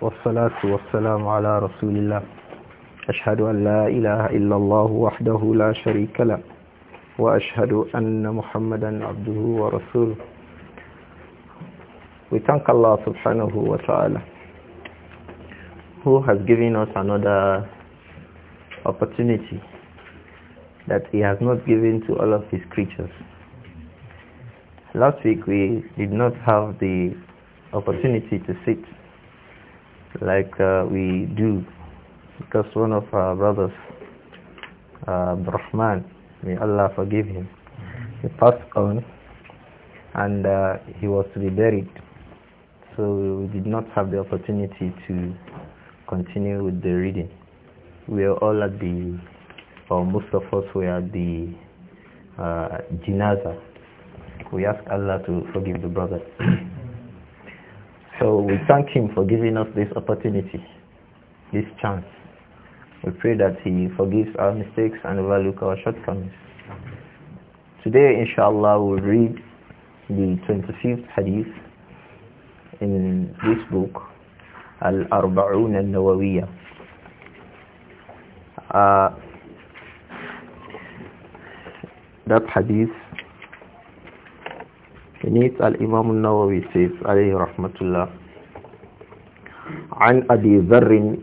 والصلاة والسلام على رسول الله أشهد أن لا إله إلا الله وحده لا شريك له وأشهد أن محمدا عبده ورسوله We thank Allah subhanahu wa ta'ala who has given us another opportunity that he has not given to all of his creatures. Last week we did not have the opportunity to sit like uh, we do because one of our brothers uh, Rahman may Allah forgive him he passed on and uh, he was to be buried so we did not have the opportunity to continue with the reading we are all at the or most of us were at the uh, jinaza we ask Allah to forgive the brother so we thank him for giving us this opportunity, this chance. We pray that he forgives our mistakes and overlook our shortcomings. Today, inshallah, we'll read the 25th hadith in this book, Al-Arba'un al-Nawawiyah. Uh, that hadith In it, Al-Imam al-Nawawi says, alayhi rahmatullah, عن أبي ذر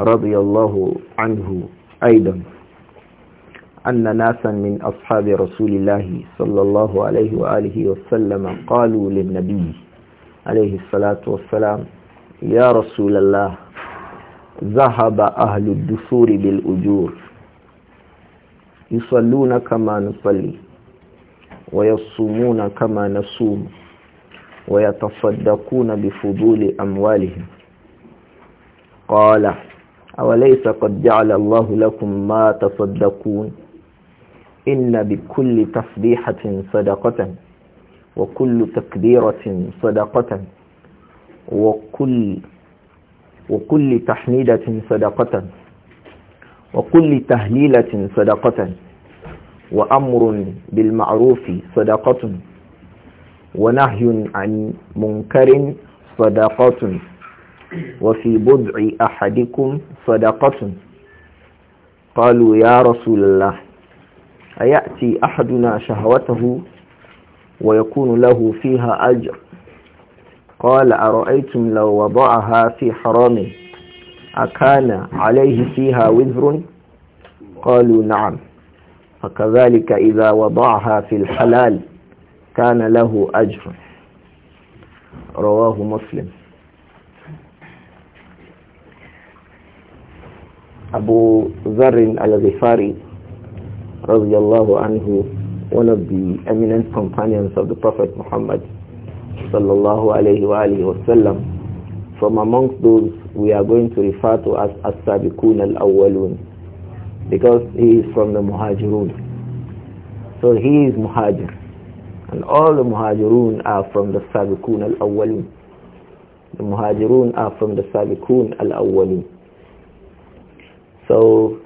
رضي الله عنه أيضا أن ناسا من أصحاب رسول الله صلى الله عليه وآله وسلم قالوا للنبي عليه الصلاة والسلام يا رسول الله ذهب أهل الدثور بالأجور يصلون كما نصلي ويصومون كما نصوم ويتصدقون بفضول أموالهم قال أوليس قد جعل الله لكم ما تصدقون إن بكل تسبيحة صدقة وكل تكبيرة صدقة وكل وكل تحميدة صدقة وكل تهليلة صدقة وأمر بالمعروف صدقة ونهي عن منكر صدقة وفي بضع أحدكم صدقة قالوا يا رسول الله أيأتي أحدنا شهوته ويكون له فيها أجر قال أرأيتم لو وضعها في حرام أكان عليه فيها وزر قالوا نعم فكذلك إذا وضعها في الحلال كان له أجر رواه مسلم أبو ذر الغفاري رضي الله عنه one of the eminent companions of the Prophet Muhammad صلى الله عليه وآله وسلم from amongst those we are going to refer to as as الأولون al because he is from the Muhajirun. So he is Muhajir. And all the Muhajirun are from the Sabiqun al-Awwalin. The Muhajirun are from the Sabiqun al-Awwalin. So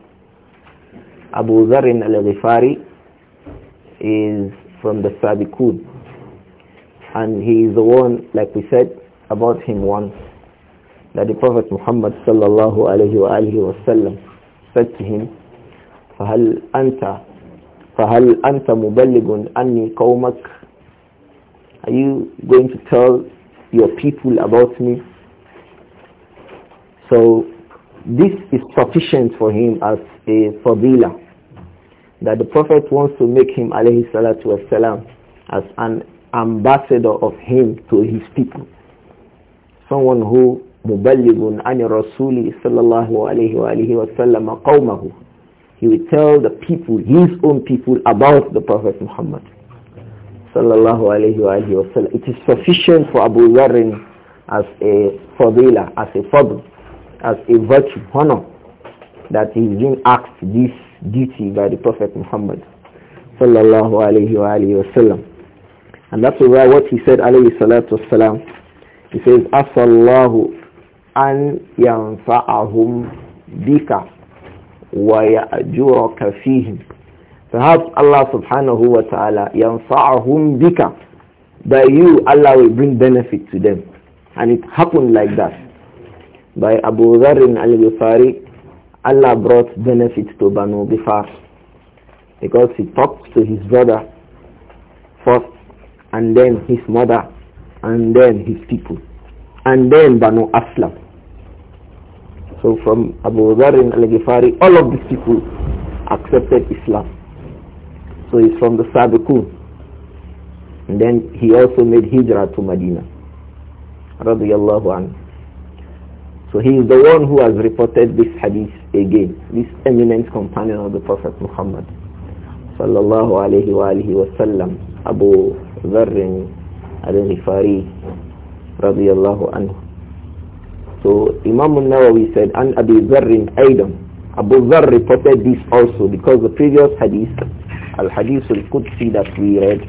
Abu Zarin al-Ghifari is from the Sabiqun. And he is the one, like we said about him once, that the Prophet Muhammad sallallahu alayhi wa sallam said to him, فهل أنت فهل أنت مبلغ أني قومك Are you going to tell your people about me? So this is sufficient for him as a fadila that the Prophet wants to make him alayhi salatu wasalam as an ambassador of him to his people. Someone who مبلغ عن الرسول صلى الله عليه وآله وسلم قومه he will tell the people, his own people, about the Prophet Muhammad. Sallallahu alayhi wa alayhi wa It is sufficient for Abu Dharr as a fadila, as a fadl, as a virtue, honor, that he is being asked this duty by the Prophet Muhammad. Sallallahu alayhi wa alayhi wa sallam. And that's why what he said, alayhi salatu wasalam, he says, أَصَلَّهُ أَنْ يَنْفَعَهُمْ بِكَ وَيَأْجُرَكَ فِيهِمْ Perhaps Allah subhanahu wa ta'ala يَنْفَعَهُمْ بِكَ By you, Allah will bring benefit to them. And it happened like that. By Abu Dharr al-Ghifari, Allah brought benefit to Banu Bifar because he talked to his brother first and then his mother and then his people and then Banu Aslam. So from Abu Dharr al-Ghifari, all of these people accepted Islam. So he's from the Sabiqun. And then he also made hijrah to Medina. Radiallahu anhu. So he is the one who has reported this hadith again, this eminent companion of the Prophet Muhammad. Sallallahu alayhi wa Abu wa sallam, Abu Dharr al-Ghifari. Radiallahu anhu. So Imam al-Nawawi said, and Abu Zarrin Aidan. Abu Zarr reported this also because the previous hadith, al-Hadith al-Qudsi that we read,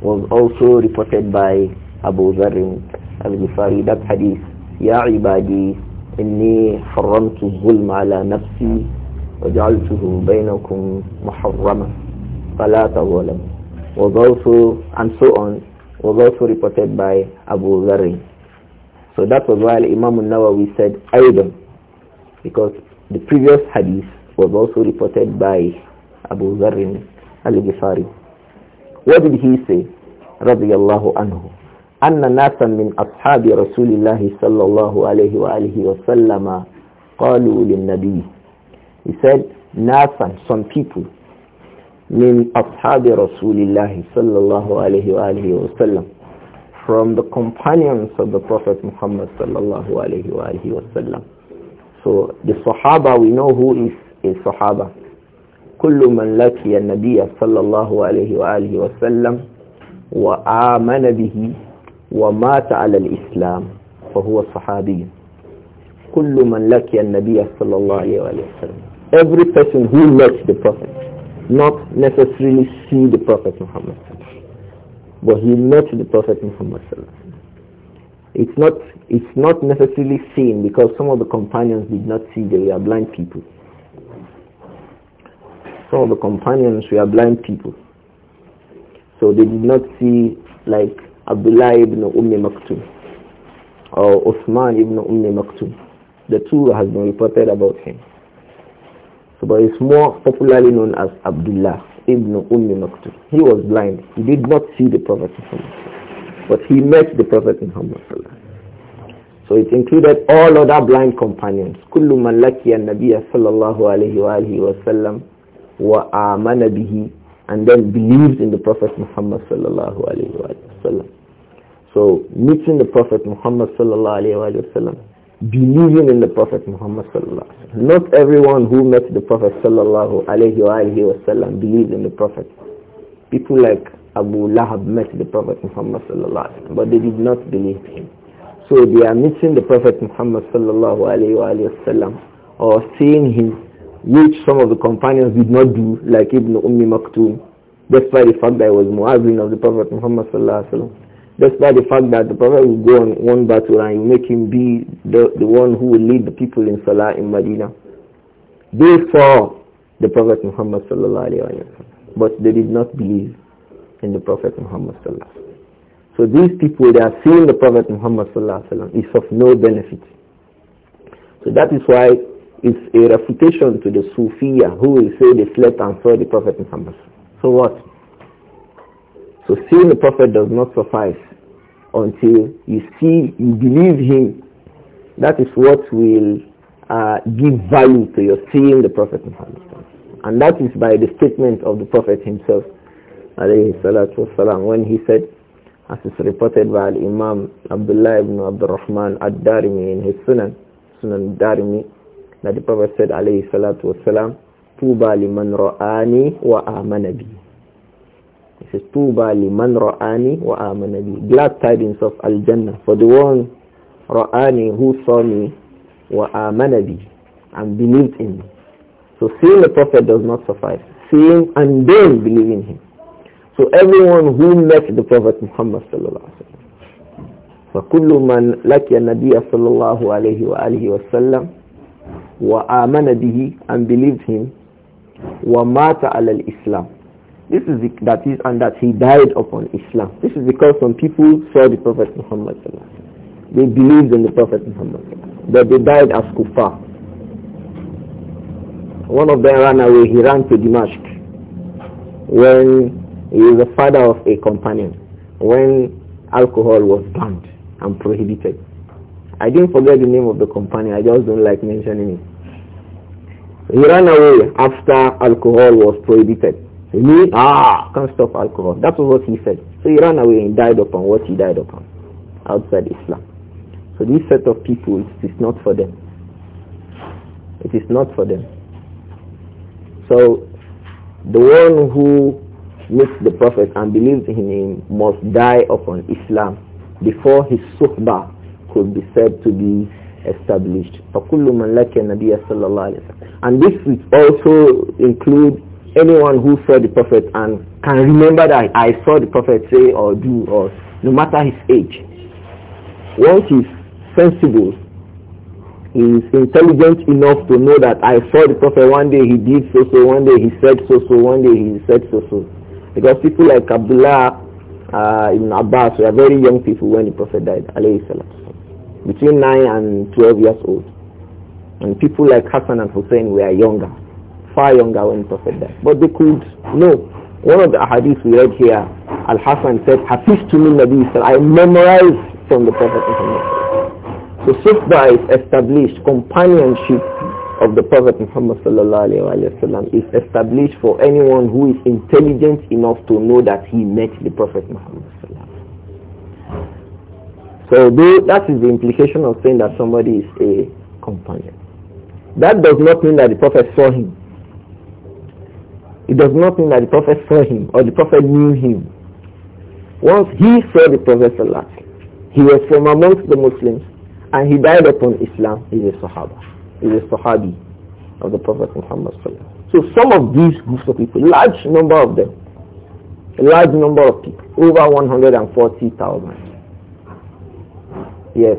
was also reported by Abu Zarrin al-Ghifari. That hadith, Ya ibadi, inni haramtu zulm ala nafsi وجعلته بينكم محرما فلا تظلموا was also and so on was also reported by Abu Zarrin so that was why Imam al-Nawawi said them," because the previous hadith was also reported by Abu Zarrin al-Ghifari. What did he say? رضي الله عنه أن ناسا من أصحاب رسول الله صلى الله عليه وآله وسلم قالوا للنبي He said ناسا some people من أصحاب رسول الله صلى الله عليه وآله وسلم from the companions of the Prophet Muhammad sallallahu alayhi wa So the Sahaba, we know who is a Sahaba. كل من لقي النبي صلى الله عليه وآله وسلم وآمن به ومات على الإسلام فهو صحابي كل من لقي النبي صلى الله عليه وآله وسلم every person who lets the prophet not necessarily see the prophet Muhammad but he met the Prophet Muhammad It's not, it's not necessarily seen because some of the companions did not see they were blind people. Some of the companions were blind people. So they did not see like Abdullah ibn Umm Maktum or Uthman ibn Umm Maktum. The two has been reported about him. So but it's more popularly known as Abdullah ibn Umm Maktoum. He was blind. He did not see the Prophet Muhammad. But he met the Prophet Muhammad. So it included all other blind companions. كل من لقي النبي صلى الله عليه وآله وسلم وآمن به and then believes in the Prophet Muhammad sallallahu الله عليه So meeting the Prophet Muhammad sallallahu alayhi wa وآله believing in the Prophet Muhammad sallallahu Not everyone who met the Prophet sallallahu alayhi wasallam believed in the Prophet. People like Abu Lahab met the Prophet Muhammad sallallahu but they did not believe him. So they are meeting the Prophet Muhammad sallallahu alayhi wasallam or seeing him, which some of the companions did not do, like Ibn Ummi Maktoum, despite the fact that he was Muazzin of the Prophet Muhammad sallallahu alayhi sallam despite the fact that the Prophet will go on one battle and you make him be the, the one who will lead the people in Salah in Medina. They saw the Prophet Muhammad sallallahu alayhi wa but they did not believe in the Prophet Muhammad sallallahu So these people, they are seeing the Prophet Muhammad sallallahu alayhi wa is of no benefit. So that is why it's a refutation to the Sufiya who will say they slept and saw the Prophet Muhammad. So what? So seeing the Prophet does not suffice until you see, you believe him. That is what will uh, give value to your seeing the Prophet Muhammad. And that is by the statement of the Prophet himself, when he said, as is reported by Imam Abdullah ibn Abdurrahman ad-Darimi in his Sunan, Sunan darimi that the Prophet said, alayhi salatu wasalam, Tuba liman ra'ani wa amana it says, Tuba man ra'ani wa amana bi. Glad tidings of Al-Jannah for the one ra'ani who saw me wa amana bi and believed in me. So seeing the Prophet does not suffice. Seeing and then believing him. So everyone who met the Prophet Muhammad sallallahu alaihi wasallam. فكل من لقي النبي صلى الله عليه وآله وسلم وآمن به and believed him ومات على الإسلام this is the, that is and that he died upon Islam. This is because some people saw the Prophet Muhammad. They believed in the Prophet Muhammad. But they died as kufa. One of them ran away. He ran to Damascus when he was the father of a companion. When alcohol was banned and prohibited. I didn't forget the name of the companion. I just don't like mentioning it. He ran away after alcohol was prohibited ah, can't stop alcohol. That was what he said. So he ran away and died upon what he died upon outside Islam. So this set of people, it is not for them. It is not for them. So the one who meets the Prophet and believes in him must die upon Islam before his suhbah could be said to be established. And this would also include anyone who saw the prophet and can remember that I saw the prophet say or do or no matter his age. Once he's sensible, he is intelligent enough to know that I saw the prophet one day he did so so, one day he said so so, one day he said so so. Because people like Abdullah uh, Ibn Abbas were very young people when the prophet died, between 9 and 12 years old. And people like Hassan and Hussein were younger far younger when Prophet died. But they could know. One of the hadiths we read here, al Hassan said, Hafiz to me Nabi I memorized from the Prophet Muhammad. So Sufba is established, companionship of the Prophet Muhammad wasallam is established for anyone who is intelligent enough to know that he met the Prophet Muhammad. So that is the implication of saying that somebody is a companion. That does not mean that the Prophet saw him. It does not mean that the Prophet saw him or the Prophet knew him. Once he saw the Prophet Allah, he was from amongst the Muslims and he died upon Islam. He is a Sahaba. He is a Sahabi of the Prophet Muhammad So some of these groups of people, large number of them, a large number of people, over 140,000. Yes.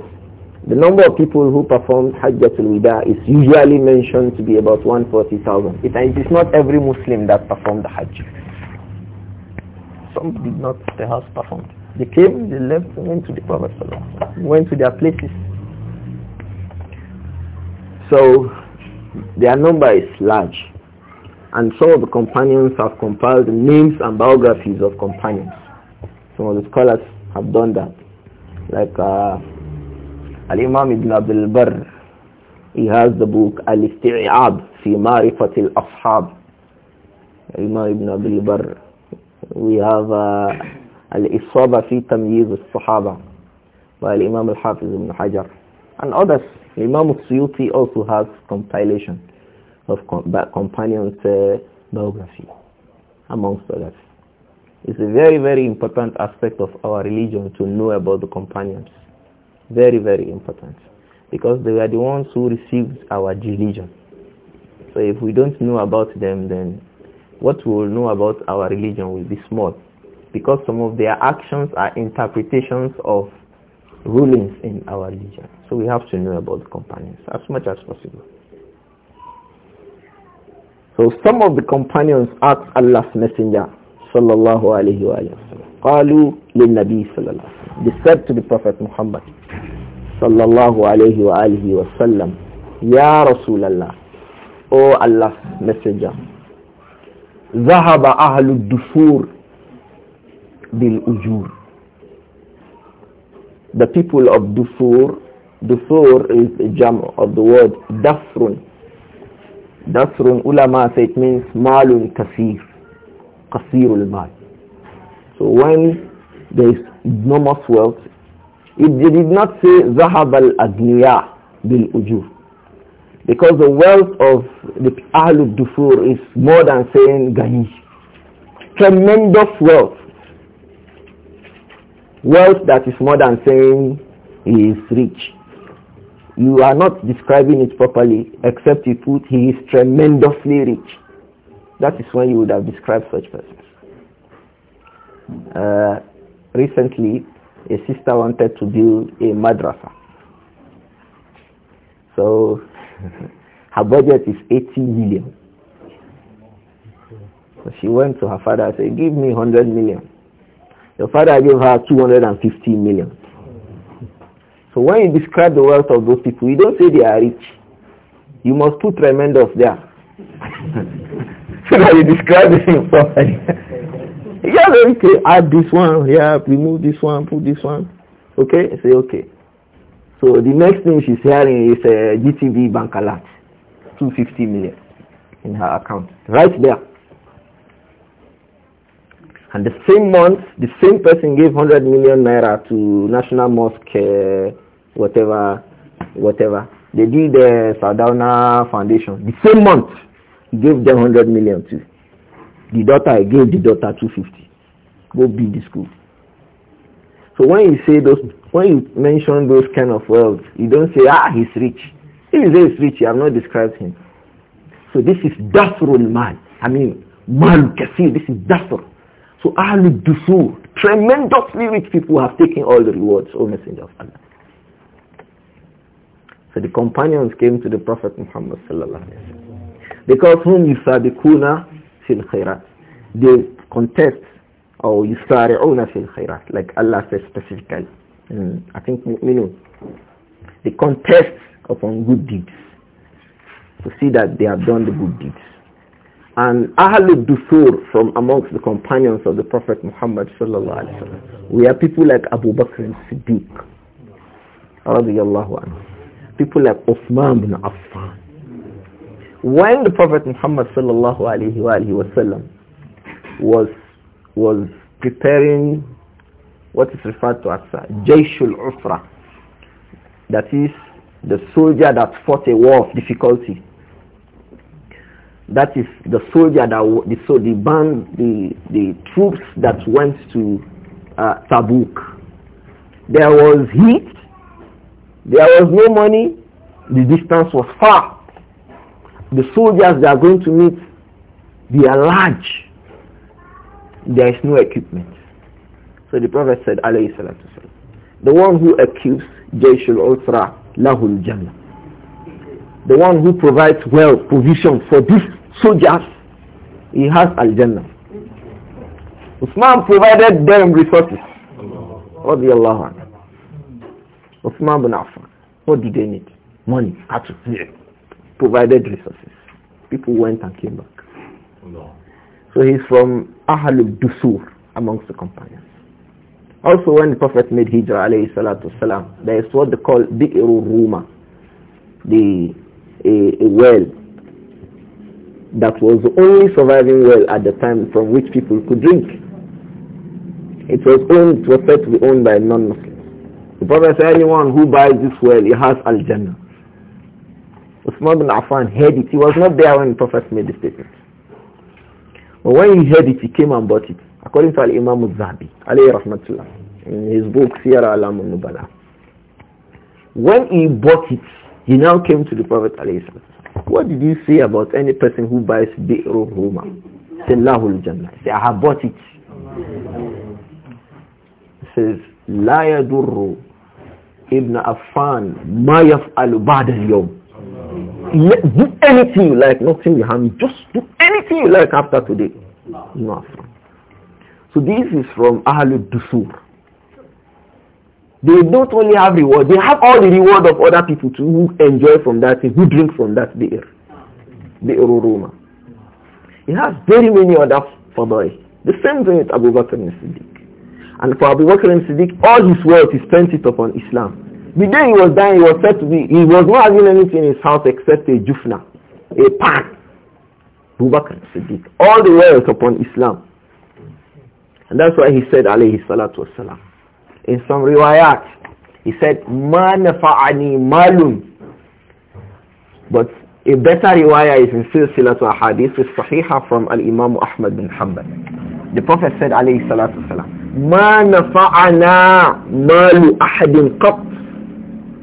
The number of people who performed Hajjatul Wida is usually mentioned to be about 140,000. It is not every Muslim that performed the Hajj. Some did not, the house performed. They came, they left, went to the Prophet went to their places. So their number is large. And some of the companions have compiled names and biographies of companions. Some of the scholars have done that. Like uh, Al-Imam Ibn Abdul Barr, he has the book Al-Isti'ab fi Marifat al-Ashab. Imam Ibn Abdul Barr. We have uh, Al-Isaba fi Tamyiz al-Sahaba by Imam Al-Hafiz Ibn Hajar. And others, Imam Suyuti also has compilation of com companions uh, biography, amongst others. It's a very, very important aspect of our religion to know about the companions. Very, very important. Because they were the ones who received our religion. So if we don't know about them, then what we will know about our religion will be small. Because some of their actions are interpretations of rulings in our religion. So we have to know about the companions as much as possible. So some of the companions asked Allah's Messenger, sallallahu alayhi للنبي صلى الله عليه وسلم they to the Prophet Muhammad صلى الله عليه وآله وسلم يا رسول الله O Allah's messenger ذهب أهل الدفور بالأجور The people of Dufur Dufur is a jam of the word Dafrun Dafrun ulama say it means Malun kasir Kasirul mal So when there is enormous wealth. It did not say Zahab al-Agniya bil Ujur. Because the wealth of the Ahlul Dufur is more than saying Gani. Tremendous wealth. Wealth that is more than saying he is rich. You are not describing it properly except you put he is tremendously rich. That is when you would have described such persons. Uh, recently a sister wanted to build a madrasa. So her budget is 80 million. So she went to her father and said, give me 100 million. Your father gave her 250 million. So when you describe the wealth of those people, you don't say they are rich. You must put tremendous there. so that you describe them properly. Yeah, okay, add this one, yeah, remove this one, put this one. Okay, I say okay. So the next thing she's hearing is a uh, GTB bank alert, 250 million in her account, right there. And the same month, the same person gave 100 million naira to National Mosque, uh, whatever, whatever. They did the uh, Foundation. The same month, he gave them 100 million too the daughter I gave the daughter 250. Go build the school. So when you say those, when you mention those kind of words, you don't say, ah, he's rich. If you say he's rich, you have not described him. So this is dasrul man. I mean, man, kasir, this is dasr. So ahlu dusur, tremendously rich people have taken all the rewards, O Messenger of Allah. So the companions came to the Prophet Muhammad sallallahu alaihi wasallam. Because whom kuna. The They contest or oh, yusari'una فِي الْخِيَرَاتِ, like Allah says specifically. Mm, I think you know. They contest upon good deeds to see that they have done the good deeds. And Ahlul Dusur from amongst the companions of the Prophet Muhammad الله عليه وسلم. We have people like Abu Bakr and Siddiq, اللَّهُ عَنْهُ, People like Uthman bin Affan, when the Prophet Muhammad sallallahu alaihi wasallam was was preparing what is referred to as uh, Jayshul Ufra, that is the soldier that fought a war of difficulty. That is the soldier that the so the band the the troops that went to uh, Tabuk. There was heat, there was no money, the distance was far the soldiers they are going to meet, they are large. There is no equipment. So the Prophet said, alayhi the one who equips Jayshul Ultra, Lahul Jannah. The one who provides well provision for these soldiers, he has Al-Jannah. Usman provided them resources. Radiallahu anhu. Usman bin Affan. What did they need? Money. Cattle provided resources. People went and came back. No. So he's from Ahlul Dusur amongst the companions. Also when the Prophet made Hijrah alayhi salatu salam, there is what they call Bi'ru Ruma, the a, a well that was the only surviving well at the time from which people could drink. It was owned, it was said to be owned by non-Muslims. The Prophet said anyone who buys this well, he has Al-Jannah. Uthman bin Affan heard it. He was not there when the Prophet made the statement. But when he heard it, he came and bought it. According to Al-Imam al alayhi in his book, Sierra Alam al-Nubala. When he bought it, he now came to the Prophet What did you say about any person who buys Bi'ru Huma? Say jannah He said, I have bought it. He says, لا يضر ابن عفان ما يفعل بعد اليوم do anything you like, nothing behind harm you. Just do anything you like after today. No affront. So this is from Ahlul Dusur. They don't only have reward, they have all the reward of other people too who enjoy from that thing, who drink from that beer. Beer Roma. It has very many other fadai. The same thing with Abu Bakr and Siddiq. And for Abu Bakr and Siddiq, all his wealth he spent it upon Islam. The day he was dying, he was said to be, he was not having anything in his house except a jufna, a pan. Bubakar Siddiq. All the wealth upon Islam. And that's why he said, alayhi salatu wasalam, in some riwayat, he said, ma nafa'ani malum," But a better riwayah is in silsilatu ahadith is sahiha from al-imam Ahmad bin Hanbal. The Prophet said, alayhi salatu wasalam, ma nafa'ana malu ahadin qat.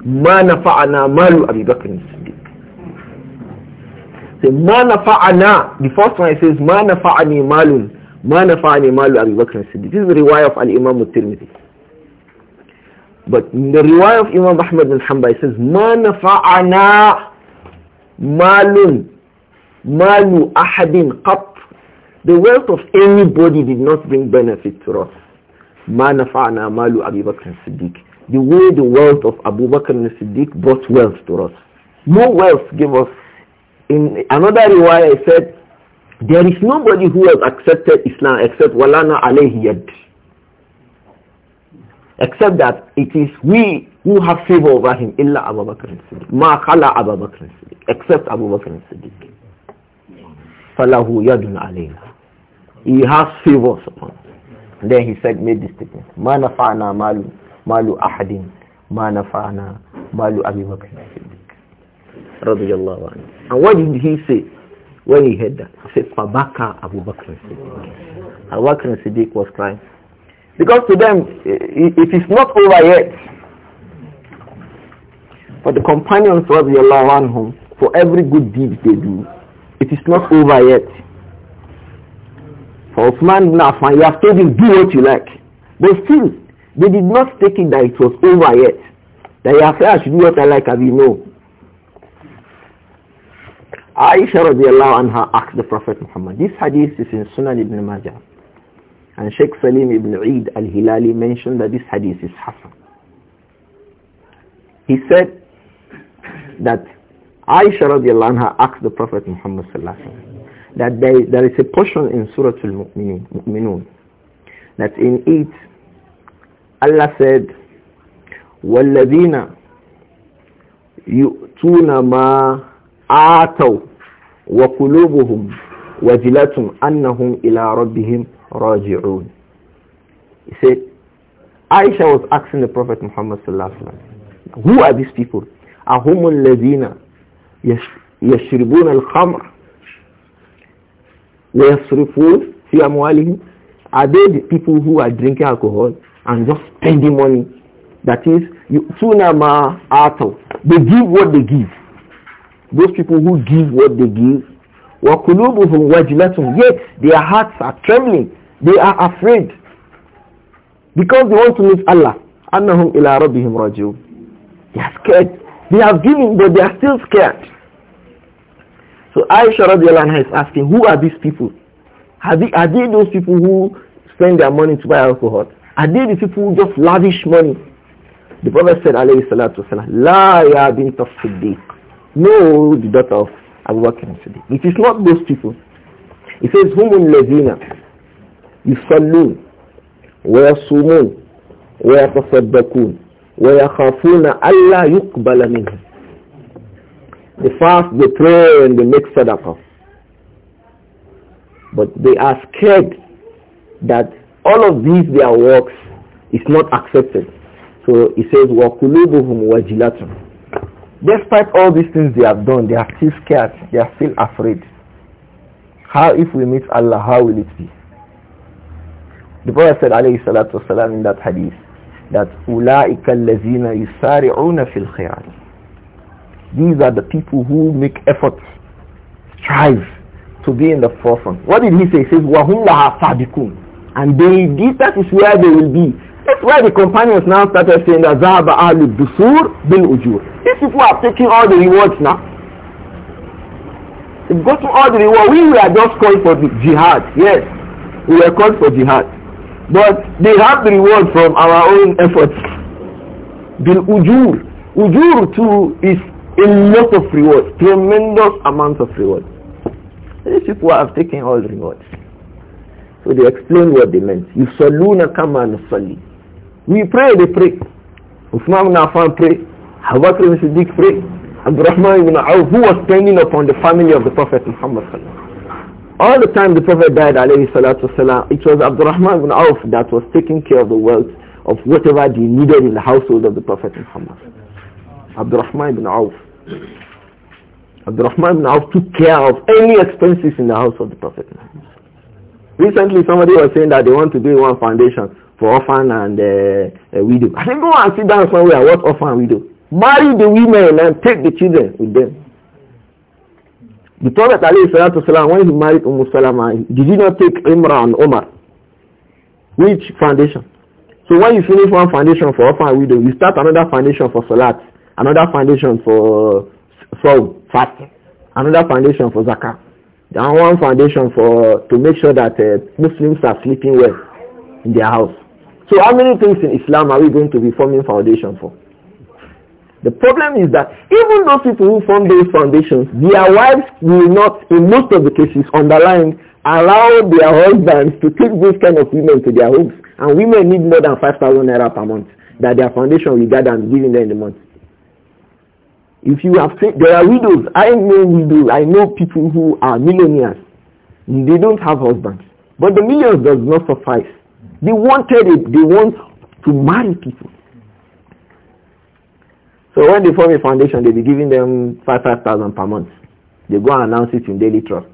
ما نفعنا مال Abu Bakr Siddiq say ma nafa'ana the first one it says ma nafa'ani malun ma nafa'ani malu Abu Bakr Siddiq this is the riwayah of al-Imam al-Tirmidhi but in the riwayah of Imam Ahmad bin Hanbal it says ma nafa'ana malun malu ahadin qat the wealth of anybody did not bring benefit to us ma nafa'ana malu Abu Bakr Siddiq the way the wealth of Abu Bakr al-Siddiq brought wealth to us. More wealth gave us. In another riwayah, I said, there is nobody who has accepted Islam except walana alayhi yad. Except that it is we who have favor over him, illa Abu Bakr al-Siddiq. Ma khala Abu Bakr al-Siddiq. Except Abu Bakr al-Siddiq. Falahu yadun alayna. He has favors upon us. And then he said, made this statement. Ma nafa'na malu malu ahadin ma nafa'ana malu Abi Bakr radiyallahu anhu and what did he say when he heard that he said Fabaka Abu Bakr Siddiq Abu Bakr Siddiq was crying because to them it is not over yet for the companions radiyallahu anhum for every good deed they do it is not over yet for Osman ibn Affan you have told him do what you like but still they did not take it that it was over yet. That your affair should do what I like as you know. Aisha radiallahu anha asked the Prophet Muhammad. This hadith is in Sunan ibn Majah. And Sheikh Salim ibn Eid al-Hilali mentioned that this hadith is Hassan. He said that Aisha radiallahu anha asked the Prophet Muhammad sallallahu that there is, there is a portion in Surah Al-Mu'minun that in it Allah said, وَالَّذِينَ يُؤْتُونَ مَا آتَوْا وَقُلُوبُهُمْ وَجِلَةٌ أَنَّهُمْ إِلَىٰ رَبِّهِمْ رَاجِعُونَ He said, Aisha was asking the Prophet Muhammad sallallahu alaihi wasallam, who are these people? أَهُمُ الَّذِينَ يَشْرِبُونَ الْخَمْرَ وَيَصْرِفُونَ فِي أَمْوَالِهِمْ Are they the people who are drinking alcohol and just spending money. That is, you tunama ato. They give what they give. Those people who give what they give. Yet their hearts are trembling. They are afraid. Because they want to meet Allah. أَنَّهُمْ ila رَبِّهِمْ رَجِعُونَ They are scared. They have given, but they are still scared. So Aisha radiallahu anha is asking, who are these people? Are they, are they those people who spend their money to buy alcohol? Are they the people who just lavish money? The Prophet said, alayhi salatu wasalam, La ya bint of Siddiq. No, the daughter of Abu Bakr Siddiq. It is not those people. He says, Humun lezina, yusallun, wa yasumun, wa yatasaddaqun, wa yakhafuna alla Allah minhum. They fast, they pray, and they make sadaqah. But they are scared that all of these, their works, is not accepted. So he says, وَقُلُوبُهُمْ وَجِلَةٌ Despite all these things they have done, they are still scared. They are still afraid. How if we meet Allah, how will it be? The Prophet said, alayhi salatu wasalam, in that hadith, that أُولَٰئِكَ الَّذِينَ يُسَارِعُونَ فِي These are the people who make efforts, strive to be in the forefront. What did he say? He says, "Wahum لَهَا صَادِقُونَ and they did, that is where they will be. That's why the companions now started saying that al Ali Busur bin Ujur. These people are taking all the rewards now. They've to all the reward. We were just called for the jihad. Yes, we were called for jihad. But they have the reward from our own efforts. Bin Ujur. Ujur too is a lot of rewards. Tremendous amounts of rewards. These people have taken all the rewards. So they explained what they meant. You Yusalluna kama nusalli. We pray, they pray. Uthman ibn Affan pray. have Bakr ibn Siddiq pray. Abdurrahman ibn Awf, who was standing upon the family of the Prophet Muhammad All the time the Prophet died, alayhi salatu wasalam, it was Rahman ibn Awf that was taking care of the wealth of whatever they needed in the household of the Prophet Muhammad. Abdurrahman ibn Awf. Abdurrahman ibn Awf took care of any expenses in the house of the Prophet Muhammad. Recently, somebody was saying that they want to do one foundation for orphan and uh, uh, widow. I said, go and sit down somewhere. What orphan widow? Marry the women and take the children with them. The Prophet والسلام, when he married Umm Salama, did he not take Imra and Omar? Which foundation? So when you finish one foundation for orphan widow, you start another foundation for Salat, another foundation for Saul, fasting, another foundation for Zakah. And one foundation for to make sure that uh, Muslims are sleeping well in their house. So how many things in Islam are we going to be forming foundation for? The problem is that even those people who form those foundations, their wives will not, in most of the cases, underlined, allow their husbands to take those kind of women to their homes. And women need more than 5,000 naira per month that their foundation will gather and give them in the month. If you have said there are widows, I know widows, I know people who are millionaires. They don't have husbands. But the millions does not suffice. They wanted it. They want to marry people. So when they form a foundation, they be giving them five five thousand per month. They go and announce it in Daily Trust.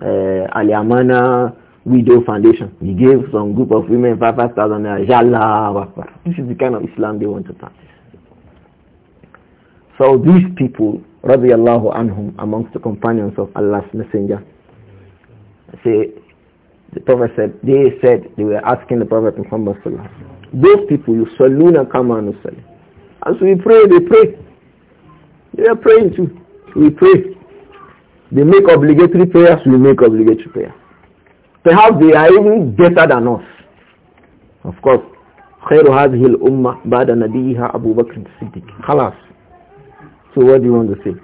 Uh, eh, Aliamana Widow Foundation. They gave some group of women five five thousand. This is the kind of Islam they want to practice. So these people, radiallahu anhum, amongst the companions of Allah's Messenger, say, the Prophet said, they said, they were asking the Prophet Muhammad sallallahu those people, you saluna kama nusalli. As we pray, they pray. They are praying too. We pray. They make obligatory prayers, we make obligatory prayer. Perhaps they are even better than us. Of course, خير هذه الأمة بعد نبيها أبو بكر الصديق. خلاص. So what do you want to say?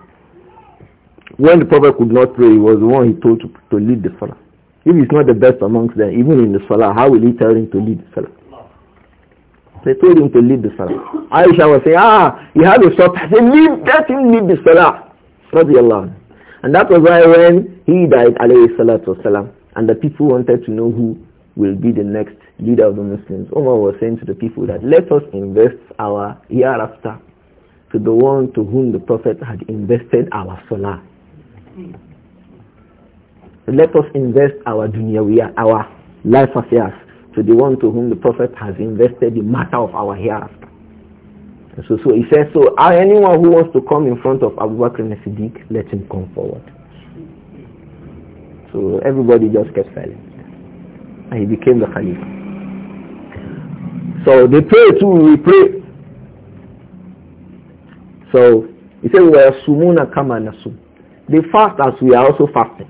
When the Prophet could not pray, he was the one he told to, to lead the Salah. If he's not the best amongst them, even in the Salah, how will he tell him to lead the Salah? They told him to lead the Salah. Aisha was saying, ah, you have a stop. I said, leave, let him lead the Salah. Radiallahu And that was why when he died, alayhi salatu wasalam, and the people wanted to know who will be the next leader of the Muslims, Omar was saying to the people that let us invest our hereafter to the one to whom the Prophet had invested our salah. Let us invest our dunya, our life affairs to the one to whom the Prophet has invested the matter of our hereafter. So, so he says, so uh, anyone who wants to come in front of Abu Bakr al-Siddiq, let him come forward. So everybody just kept silent. And he became the Khalifa. So they pray too, we pray. So he said, "We are sumuna kama nasum." They fast as we are also fasting.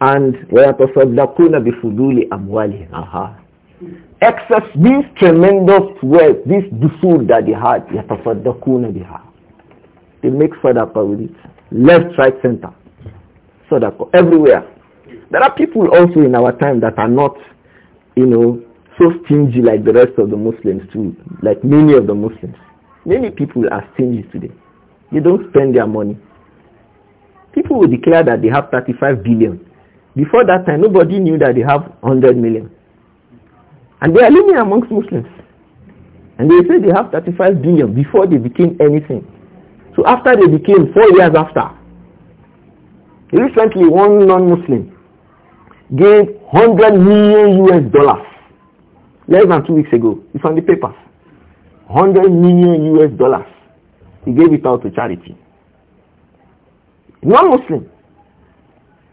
And we are "Dakuna bi fuduli amwali. Aha. Excess this tremendous wealth, this dusur that they had, bi biha. They make sadaqa with it. Left, right, center. Sadaqa. Everywhere. There are people also in our time that are not, you know, so stingy like the rest of the Muslims too, like many of the Muslims. Many people are stingy today. They don't spend their money. People will declare that they have 35 billion. Before that time, nobody knew that they have 100 million. And they are living amongst Muslims. And they say they have 35 billion before they became anything. So after they became, four years after, recently one non-Muslim gave 100 million US dollars less than two weeks ago. It's on the papers. 100 million US dollars. He gave it out to charity. Non-Muslim.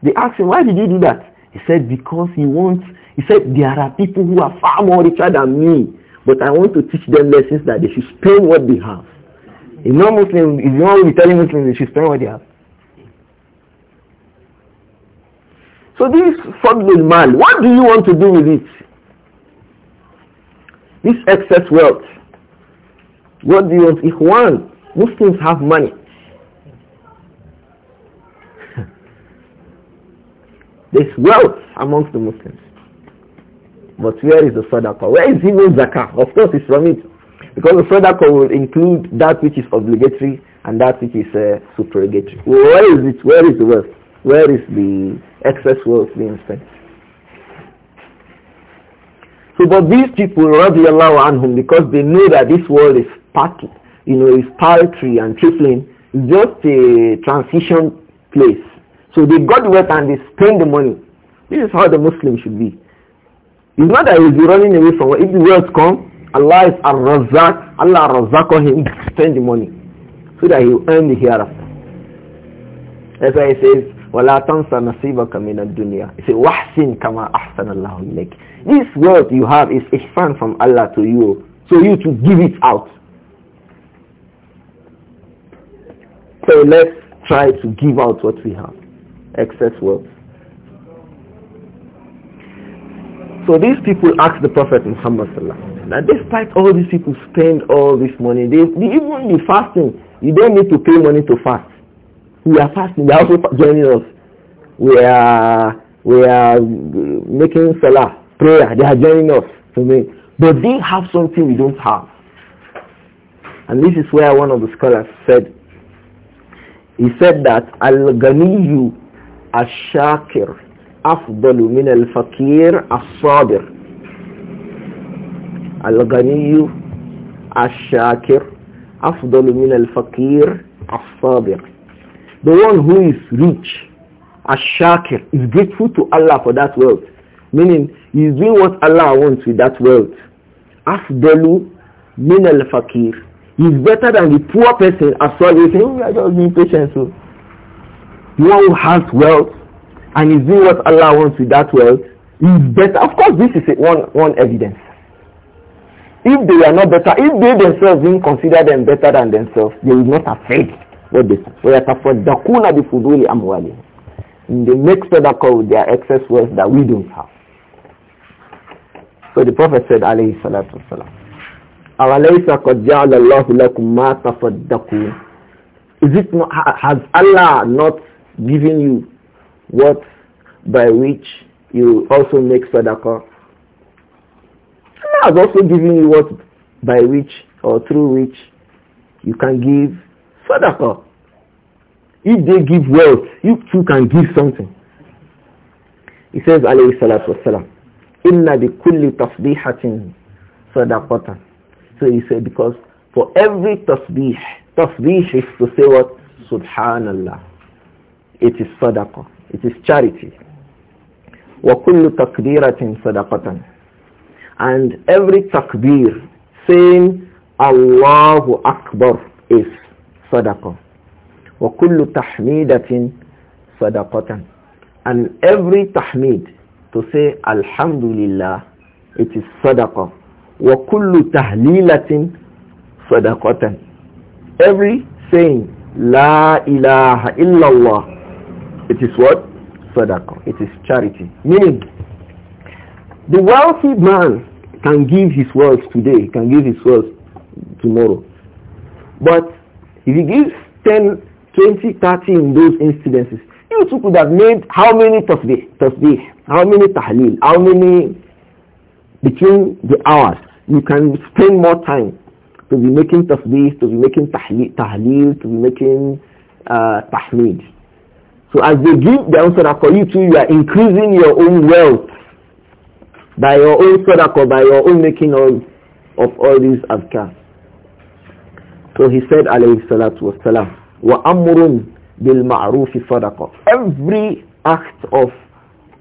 They asked him, why did you do that? He said, because he wants, he said, there are people who are far more richer than me, but I want to teach them lessons that they should spend what they have. A non-Muslim is the one who telling Muslims they should spend what they have. So this fabulous man, what do you want to do with it? This excess wealth. What do you want? Ikhwan, Muslims have money. There's wealth amongst the Muslims. But where is the sadaqah? Where is even zakah? Of course it's from it. Because the sadaqah will include that which is obligatory and that which is uh, supererogatory. Where is it? Where is the wealth? Where is the excess wealth being spent? So but these people, radiallahu anhum, because they know that this world is packing, you know, it's paltry and trifling. just a transition place. So they got the wealth and they spend the money. This is how the Muslim should be. It's not that he'll be running away from it. If the wealth come, Allah is al-Razak, Allah al-Razak on him, spend the money so that he will earn the hereafter. That's why he says, وَلَا تَنْسَ نَصِيبَكَ مِنَ الدُّنْيَا He says, وَحْسِنْ كَمَا أَحْسَنَ اللَّهُ إِلَيْكَ This wealth you have is ihsan from Allah to you. So you to give it out. So let's try to give out what we have, excess wealth. So these people asked the Prophet Muhammad that despite all these people spend all this money, they, they even be fasting. You don't need to pay money to fast. We are fasting. They are also joining us. We are we are making salah prayer. They are joining us to make. But they have something we don't have. And this is where one of the scholars said he said that Al-Ghaniyu Ash-Shakir Afdalu min al-Fakir As-Sabir Al-Ghaniyu Ash-Shakir Afdalu min al-Fakir As-Sabir The one who is rich Ash-Shakir is grateful to Allah for that wealth meaning he's doing what Allah wants with that wealth Afdalu min al-Fakir is better than the poor person as well. You say, oh, I just being patient. So the one who has wealth and is doing what Allah wants with that wealth is better. Of course, this is a, one, one evidence. If they are not better, if they themselves didn't consider them better than themselves, they would not have faith. what they said. the بِفُضُولِ أَمْوَالِهِمْ In they make sadaqah with their excess wealth that we don't have. So the Prophet said, alayhi salatu wasalam, أَوَلَيْسَ قَدْ جَعَلَ اللَّهُ لَكُمْ مَا تَفَدَّقُوا Is it not, has Allah not given you what by which you also make sadaqah? Allah has also given you what by which or through which you can give sadaqah. If they give wealth, you too can give something. He says, alayhi salatu wasalam, إِنَّ بِكُلِّ تَفْضِيحَةٍ صَدَقَةً so he said, because for every tasbih, tasbih is to say what? Subhanallah. It is sadaqah. It is charity. وَكُلُّ تَكْبِيرَةٍ صَدَقَةً And every takbir, saying Allahu Akbar is sadaqah. وَكُلُّ تَحْمِيدَةٍ صَدَقَةً And every tahmid, to say Alhamdulillah, it is sadaqah. وَكُلُّ تَحْلِيلَةٍ صَدَقَةً Every saying, La ilaha illallah, it is what? Sadaqah. It is charity. Meaning, the wealthy man can give his wealth today, can give his wealth tomorrow. But if he gives 10, 20, 30 in those incidences, you too could have made how many tasbih, tasbih how many tahlil how many between the hours you can spend more time to be making tasbih, to be making tahleel, to be making uh, tahmid. So as they give their own sadaqah, you too, you are increasing your own wealth by your own sadaqah, by your own making of, of all these adhkar. So he said, alayhi salatu wasalam, وَأَمْرٌ بِالْمَعْرُوفِ صَدَقَةً Every act of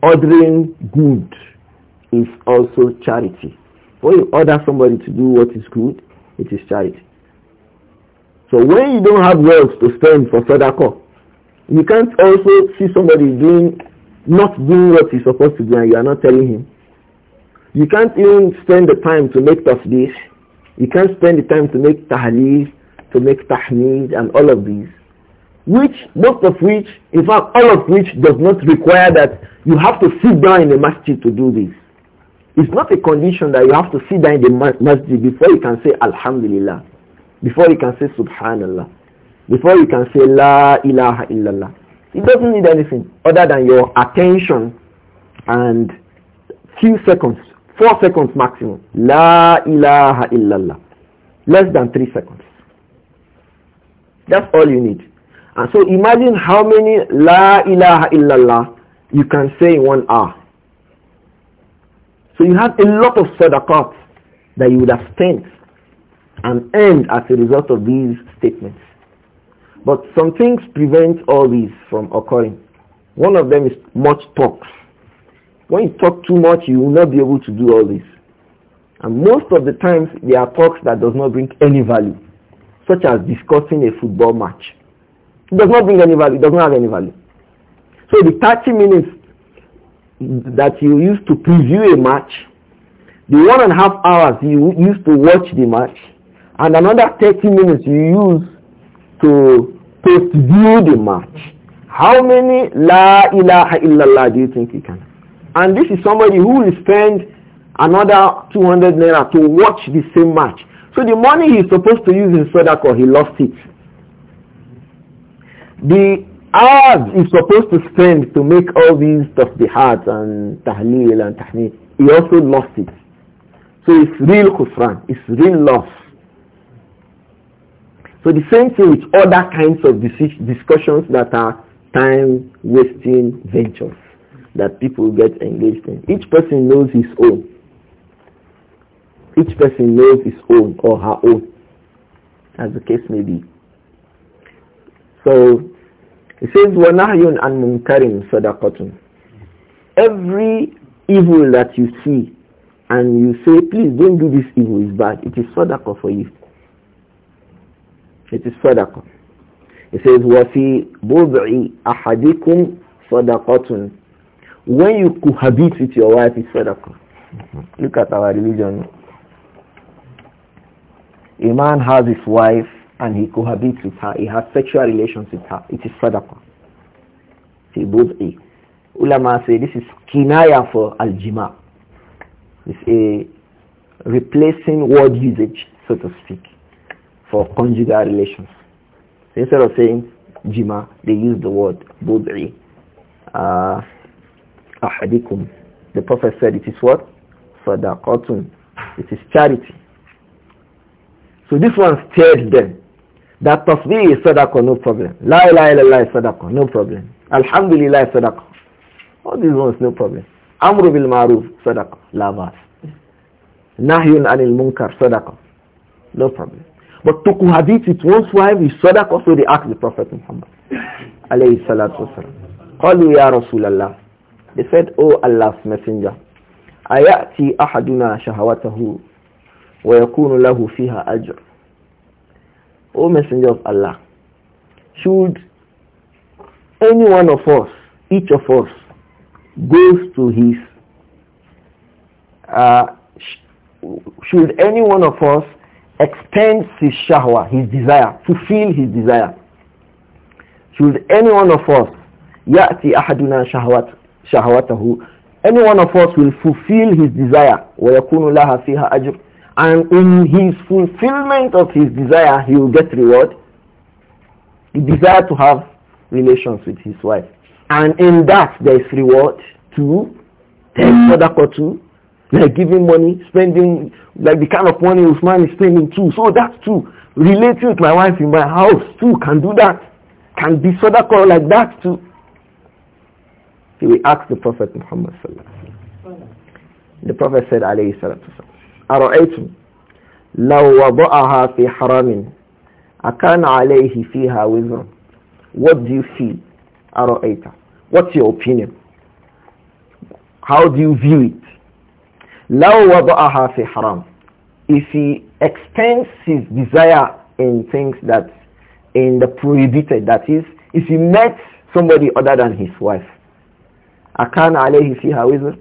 ordering good is also charity. When you order somebody to do what is good, it is charity. So when you don't have wealth to spend for sadaqah, you can't also see somebody doing not doing what he's supposed to do and you are not telling him. You can't even spend the time to make tasbih. You can't spend the time to make tahleel, to make tahmeed and all of these. Which, most of which, in fact all of which does not require that you have to sit down in a masjid to do this. It's not a condition that you have to sit down in the masjid before you can say Alhamdulillah, before you can say Subhanallah, before you can say La ilaha illallah. It doesn't need anything other than your attention and few seconds, four seconds maximum. La ilaha illallah. Less than three seconds. That's all you need. And so imagine how many La ilaha illallah you can say in one hour. So you have a lot of sadaqat that you would have spent and earned as a result of these statements. But some things prevent all these from occurring. One of them is much talk. When you talk too much, you will not be able to do all this. And most of the times, there are talks that does not bring any value, such as discussing a football match. It does not bring any value. It does not have any value. So the 30 minutes that you used to preview a match, the one and a half hours you used to watch the match, and another 30 minutes you use to post view the match. How many La ilaha illallah do you think you can? And this is somebody who will spend another 200 naira to watch the same match. So the money he's supposed to use in Sadaqah, he lost it. The as he's supposed to spend to make all these stuff tasbihat and tahleel and tahmid. He also lost it. So it's real khusran. It's real loss. So the same thing with other kinds of discussions that are time-wasting ventures that people get engaged in. Each person knows his own. Each person knows his own or her own, as the case may be. So he says, وَنَهْيٌ عَنْ مُنْكَرٍ صَدَقَةٌ Every evil that you see and you say, please don't do this evil, is bad. It is sadaqah for you. It is sadaqah. He says, وَفِي بُضْعِ أَحَدِكُمْ صَدَقَةٌ When you cohabit with your wife, it's sadaqah. Look at our religion. A man has his wife and he cohabits with her, he has sexual relations with her, it is sadaqah. See, both A. Ulama say this is kinaya for al-jima. It's a replacing word usage, so to speak, for conjugal relations. So instead of saying jima, they use the word bud'i. Uh, ahadikum. The Prophet said it is what? Sadaqatun. It is charity. So this one stirred them. That tasbih is sadaqah, no problem. La ilaha illallah is sadaqah, no problem. Alhamdulillah is sadaqah. All these ones, no problem. Amru bil ma'ruf, sadaqah, la bas. Nahyun anil munkar, sadaqah, no problem. But to cohabit it one's wife is sadaqah, so they ask the Prophet Muhammad. alayhi salatu wasalam. Qalu ya Rasulallah. They said, Oh Allah's messenger, ayati ahaduna shahawatahu wa yakunu lahu fiha ajr. O Messenger of Allah, should any one of us, each of us, goes to his, uh, should any one of us expend his shahwa, his desire, fulfill his desire? Should any one of us, ya'ti ahaduna shahwat, shahwatahu, any one of us will fulfill his desire, and in his fulfillment of his desire, he will get reward. The desire to have relations with his wife. And in that, there is reward to take further mm. or like giving money, spending, like the kind of money Usman is spending too. So that's too. Relating with my wife in my house too can do that. Can be sadaqah like that too. So we ask the Prophet Muhammad sallallahu The Prophet said alayhi salatu أرأيتم لو وضعها في حرام أكان عليه فيها وزر What do you feel? أرأيت What's your opinion? How do you view it? لو وضعها في حرام If he extends his desire in things that in the prohibited, that is, if he met somebody other than his wife, أكان عليه فيها وزر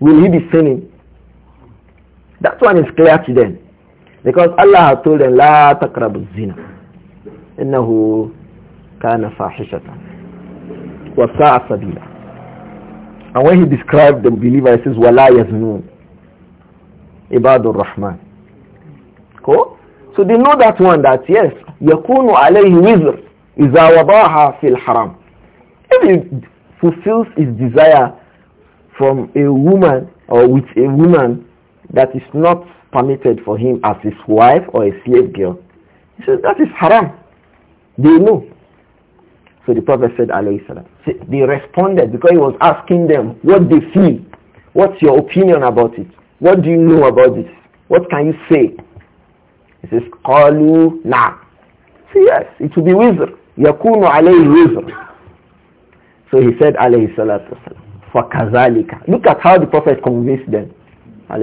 Will he be sinning? That one is clear to them. Because Allah told them, La taqrabu الزنا إنه كان فاحشة Wa sa'a And when he described the believer, he says, Wala yaznun. Ibadur Rahman. Cool? So they know that one that yes, يَكُونُ alayhi wizr إِذَا wadaha fil haram. If he fulfills his desire from a woman or with a woman that is not permitted for him as his wife or a slave girl. He says, that is haram. They know. So the Prophet said, salam. They responded because he was asking them what they feel. What's your opinion about it? What do you know about this? What can you say? He says, قالوا na." So yes, it will be wizard. يكون عليه wizard. So he said, alayhi salatu wasalam, Look at how the Prophet convinced them. They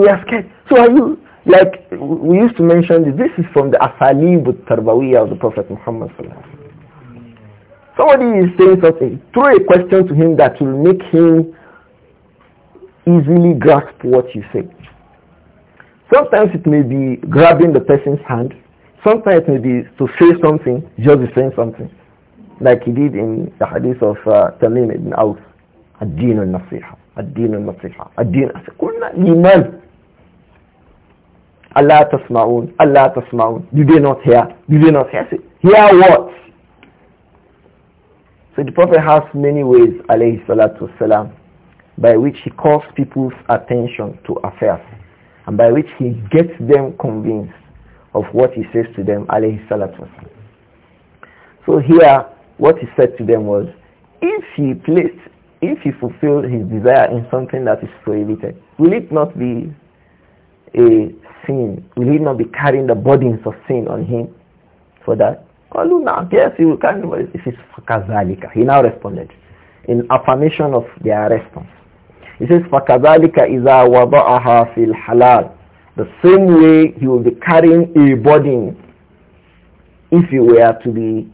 were scared. So are you, like we used to mention this, this is from the asalib tarbawiyah of the Prophet Muhammad Somebody is saying something, throw a question to him that will make him easily grasp what you say. Sometimes it may be grabbing the person's hand. Sometimes it may be to say something, just saying something. Like he did in the hadith of uh, Tamim ibn Awf, Ad-Din al-Nasiha. الدين النصيحة الدين قلنا الإيمان Allah tasma'un, Allah tasma'un. Do they not hear? Do they not hear? So, hear what? So the Prophet has many ways, alayhi salatu wasalam, by which he calls people's attention to affairs and by which he gets them convinced of what he says to them, alayhi salatu wasalam. So here, what he said to them was, if he placed if he fulfilled his desire in something that is prohibited, will it not be a sin? Will he not be carrying the burdens of sin on him for that? Kaluna, yes, he will carry it. This is Fakazalika. He now responded in affirmation of their response. He says, Fakazalika iza wada'aha fil halal. The same way he will be carrying a burden if he were to be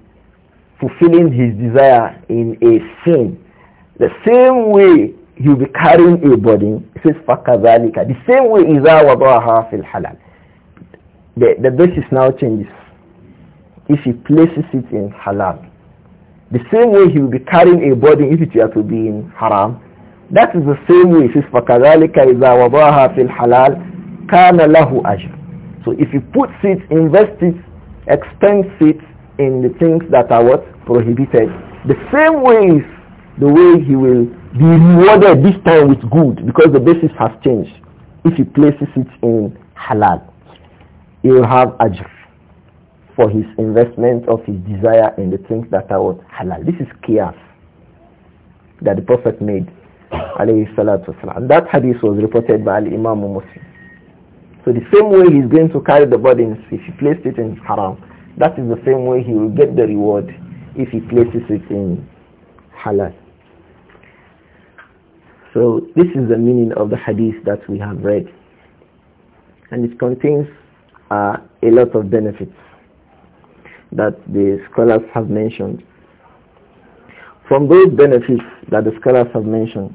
fulfilling his desire in a sin the same way you'll be carrying a burden, says فَكَذَلِكَ The same way إِذَا وَضَعَهَا فِي الْحَلَالِ The, the basis now changes. If he places it in halal, the same way he will be carrying a burden if it were to be in haram, that is the same way he says فَكَذَلِكَ إِذَا وَضَعَهَا فِي الْحَلَالِ كَانَ لَهُ أَجْرٌ So if he puts it, invests it, expends it in the things that are what? Prohibited. The same way the way he will be rewarded this time with good because the basis has changed. If he places it in halal, he will have ajr for his investment of his desire in the things that are what halal. This is qiyas that the Prophet made. and that hadith was reported by Imam Muslim. So the same way he's going to carry the burdens if he placed it in haram, that is the same way he will get the reward if he places it in halal. So this is the meaning of the hadith that we have read. And it contains uh, a lot of benefits that the scholars have mentioned. From those benefits that the scholars have mentioned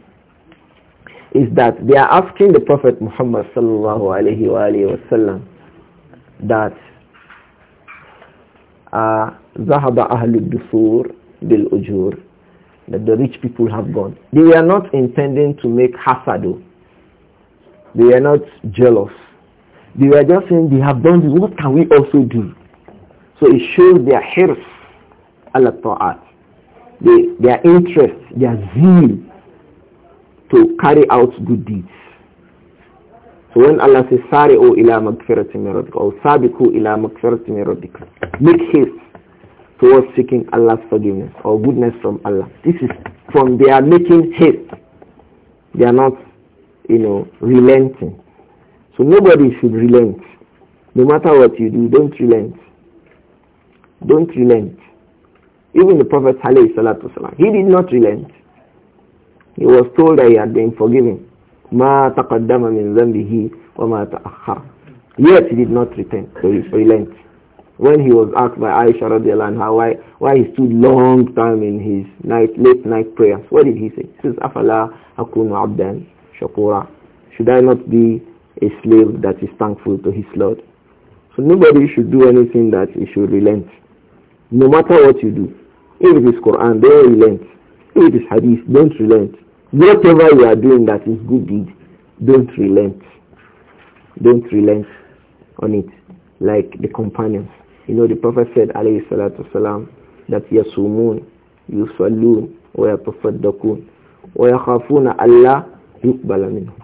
is that they are asking the Prophet Muhammad sallallahu alayhi wa alayhi wasallam that ذهب أهل الدثور بالأجور that the rich people have gone. They were not intending to make hasado. They were not jealous. They were just saying they have done this. What can we also do? So it shows their hirs Allah Taala, Their interest, their zeal to carry out good deeds. So when Allah says, Sari'u ila magfiratin min rabbikum, or Sabiku ila magfiratin min rabbikum, make haste towards seeking Allah's forgiveness or goodness from Allah. This is from they are making haste. They are not, you know, relenting. So nobody should relent. No matter what you do, don't relent. Don't relent. Even the Prophet والسلام, he did not relent. He was told that he had been forgiven. Ma تقدم min ذنبه وما Yet he did not repent, so he relent. When he was asked by Aisha radiallahu anha why, why he stood long time in his night, late night prayers, what did he say? He says, Afala akunu abdan shakura. Should I not be a slave that is thankful to his Lord? So nobody should do anything that he should relent. No matter what you do. If it is Quran, don't relent. If it is Hadith, don't relent. Whatever you are doing that is good deed, don't relent. Don't relent on it like the companions. You know, the Prophet said, alayhi salatu salam, that yasumun, yusallun, wa yatafaddaqun, wa yakhafuna Allah yuqbala minhum.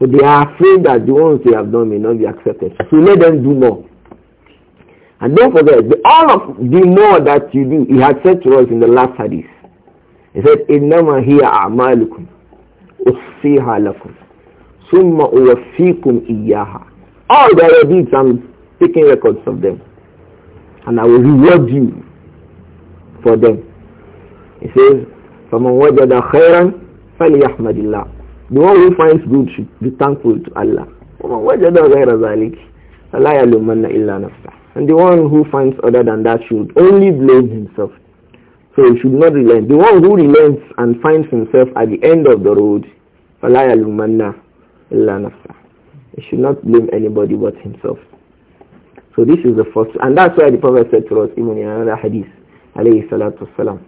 So they are afraid that the ones they have done may not be accepted. So let them do more. And don't forget, the, all of the more that you do, he had said to us in the last hadith. He said, إِنَّمَا هِيَ أَعْمَالُكُمْ أُحْصِيهَا لَكُمْ ثُمَّ أُوَفِّيكُمْ إِيَّاهَا All the deeds, I'm taking records of them and I will reward you for them. He says, فَمَنْ وَجَدَ خَيْرًا فَلْيَحْمَدِ اللَّهِ The one who finds good should be thankful to Allah. وَمَنْ وَجَدَ غَيْرَ ذَلِكِ فَلَا يَلُمَنَّ إِلَّا نَفْسَهُ And the one who finds other than that should only blame himself. So he should not relent. The one who relents and finds himself at the end of the road, فَلَا يَلُمَنَّ إِلَّا نَفْسَهُ He should not blame anybody but himself. So this is the first, and that's why the Prophet said to us, even in another hadith, alayhi salatu wasalam,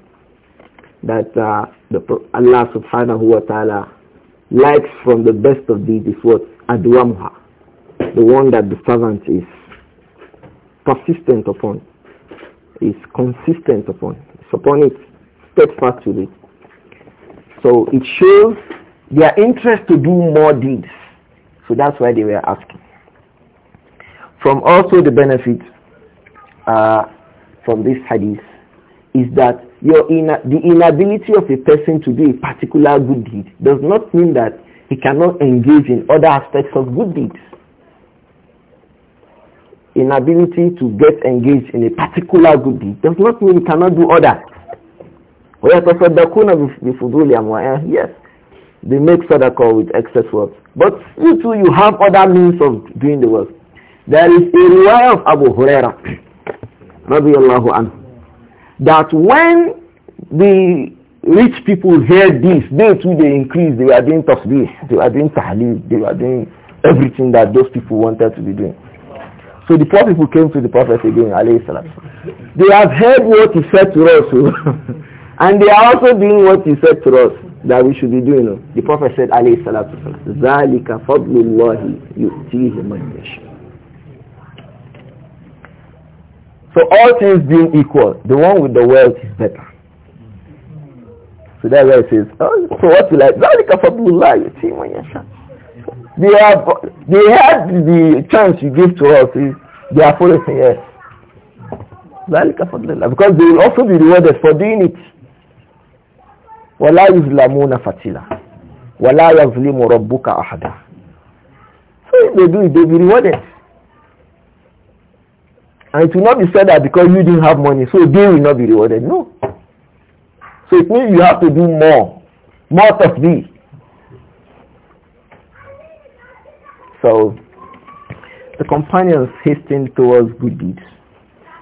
that uh, the, Allah subhanahu wa ta'ala likes from the best of deeds is what? Adwamha. the one that the servant is persistent upon, is consistent upon, is upon it, steadfast to it. So it shows their interest to do more deeds. So that's why they were asking. From also the benefit uh, from this hadith is that your ina- the inability of a person to do a particular good deed does not mean that he cannot engage in other aspects of good deeds. Inability to get engaged in a particular good deed does not mean he cannot do other. Yes, they make sadaqah with excess wealth. But you too, you have other means of doing the work. There is a riwayah of Abu Huraira radiallahu anhu that when the rich people heard this, they too they increased, they were doing tasbih, they were doing tahleel, they were doing everything that those people wanted to be doing. So the poor people came to the Prophet again, alayhi salam. They have heard what he said to us, oh. and they are also doing what he said to us that we should be doing. Oh. The Prophet said, alayhi salatu salam, ذَلِكَ فَضْلُ اللَّهِ يُؤْتِيهِ مَنْ يَشَاءُ So all things being equal, the one with the wealth is better. So that guy says, oh, so what will I, the فَضْلُ اللَّهِ See my يَشَاءُ They have, they had the chance you give to us, they are following yes. ذَلِكَ فَضْلُ lie Because they will also be rewarded for doing it. وَلَا يُظْلَمُونَ فَتِيلًا وَلَا يَظْلِمُ رَبُّكَ أَحَدًا So if they do it, they will be rewarded. And it will not be said that because you didn't have money, so they will not be rewarded. No. So it means you have to do more. More of thee. So the companions hastened towards good deeds.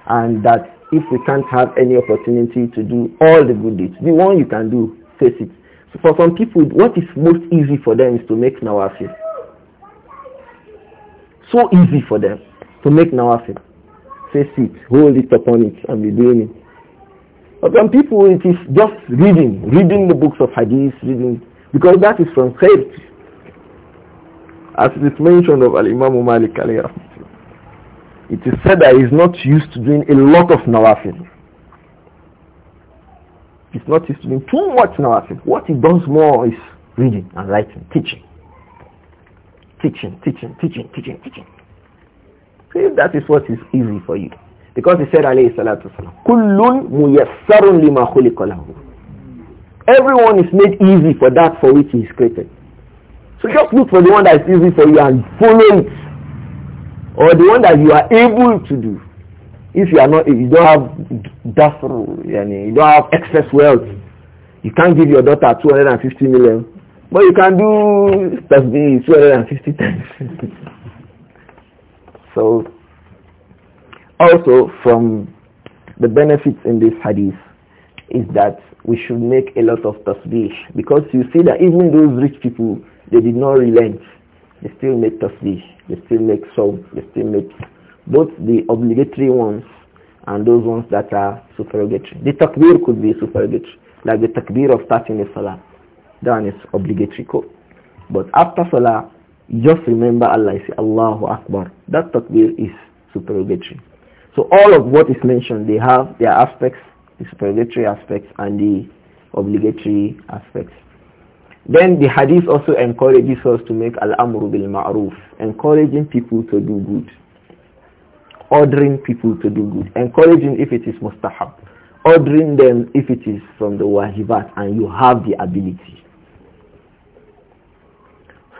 And that if we can't have any opportunity to do all the good deeds, the one you can do, face it. So for some people, what is most easy for them is to make nawafil. So easy for them to make nawafil face it, hold it upon it and be doing it. But some people, it is just reading, reading the books of hadith, reading, because that is from faith. As it is mentioned of Al-Imam Malik alayhi it is said that he is not used to doing a lot of nawafil. He's not used to doing too much nawafil. What he does more is reading and writing, teaching. Teaching, teaching, teaching, teaching, teaching. So if that is what is easy for you. Because he said, alayhi salatu wasalam, Kullun muyassarun lima khuliqalahu. Everyone is made easy for that for which he is created. So just look for the one that is easy for you and follow it. Or the one that you are able to do. If you are not, you don't have dust, you don't have excess wealth. You can't give your daughter 250 million. But you can do 250 times. So also from the benefits in this hadith is that we should make a lot of tasbih because you see that even those rich people they did not relent they still make tasbih they still make song they still make both the obligatory ones and those ones that are supererogatory the takbir could be supererogatory like the takbir of starting a salah that one is obligatory code. but after salah just remember Allah, say Allahu Akbar. That takbir is supererogatory. So all of what is mentioned, they have their aspects, the supererogatory aspects and the obligatory aspects. Then the hadith also encourages us to make al-amru bil ma'ruf, encouraging people to do good, ordering people to do good, encouraging if it is mustahab, ordering them if it is from the wahibat and you have the ability.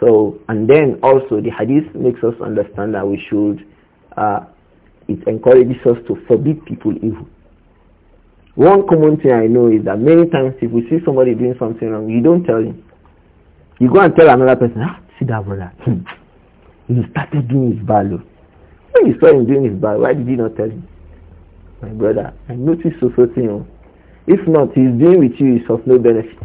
So, and then also the hadith makes us understand that we should, uh, it encourages us to forbid people evil. One common thing I know is that many times if we see somebody doing something wrong, you don't tell him. You go and tell another person, ah, see that brother, hmm. he started doing his value. When you saw him doing his bad, why did you not tell him? My brother, I noticed so so oh. If not, he's doing with you is of no benefit.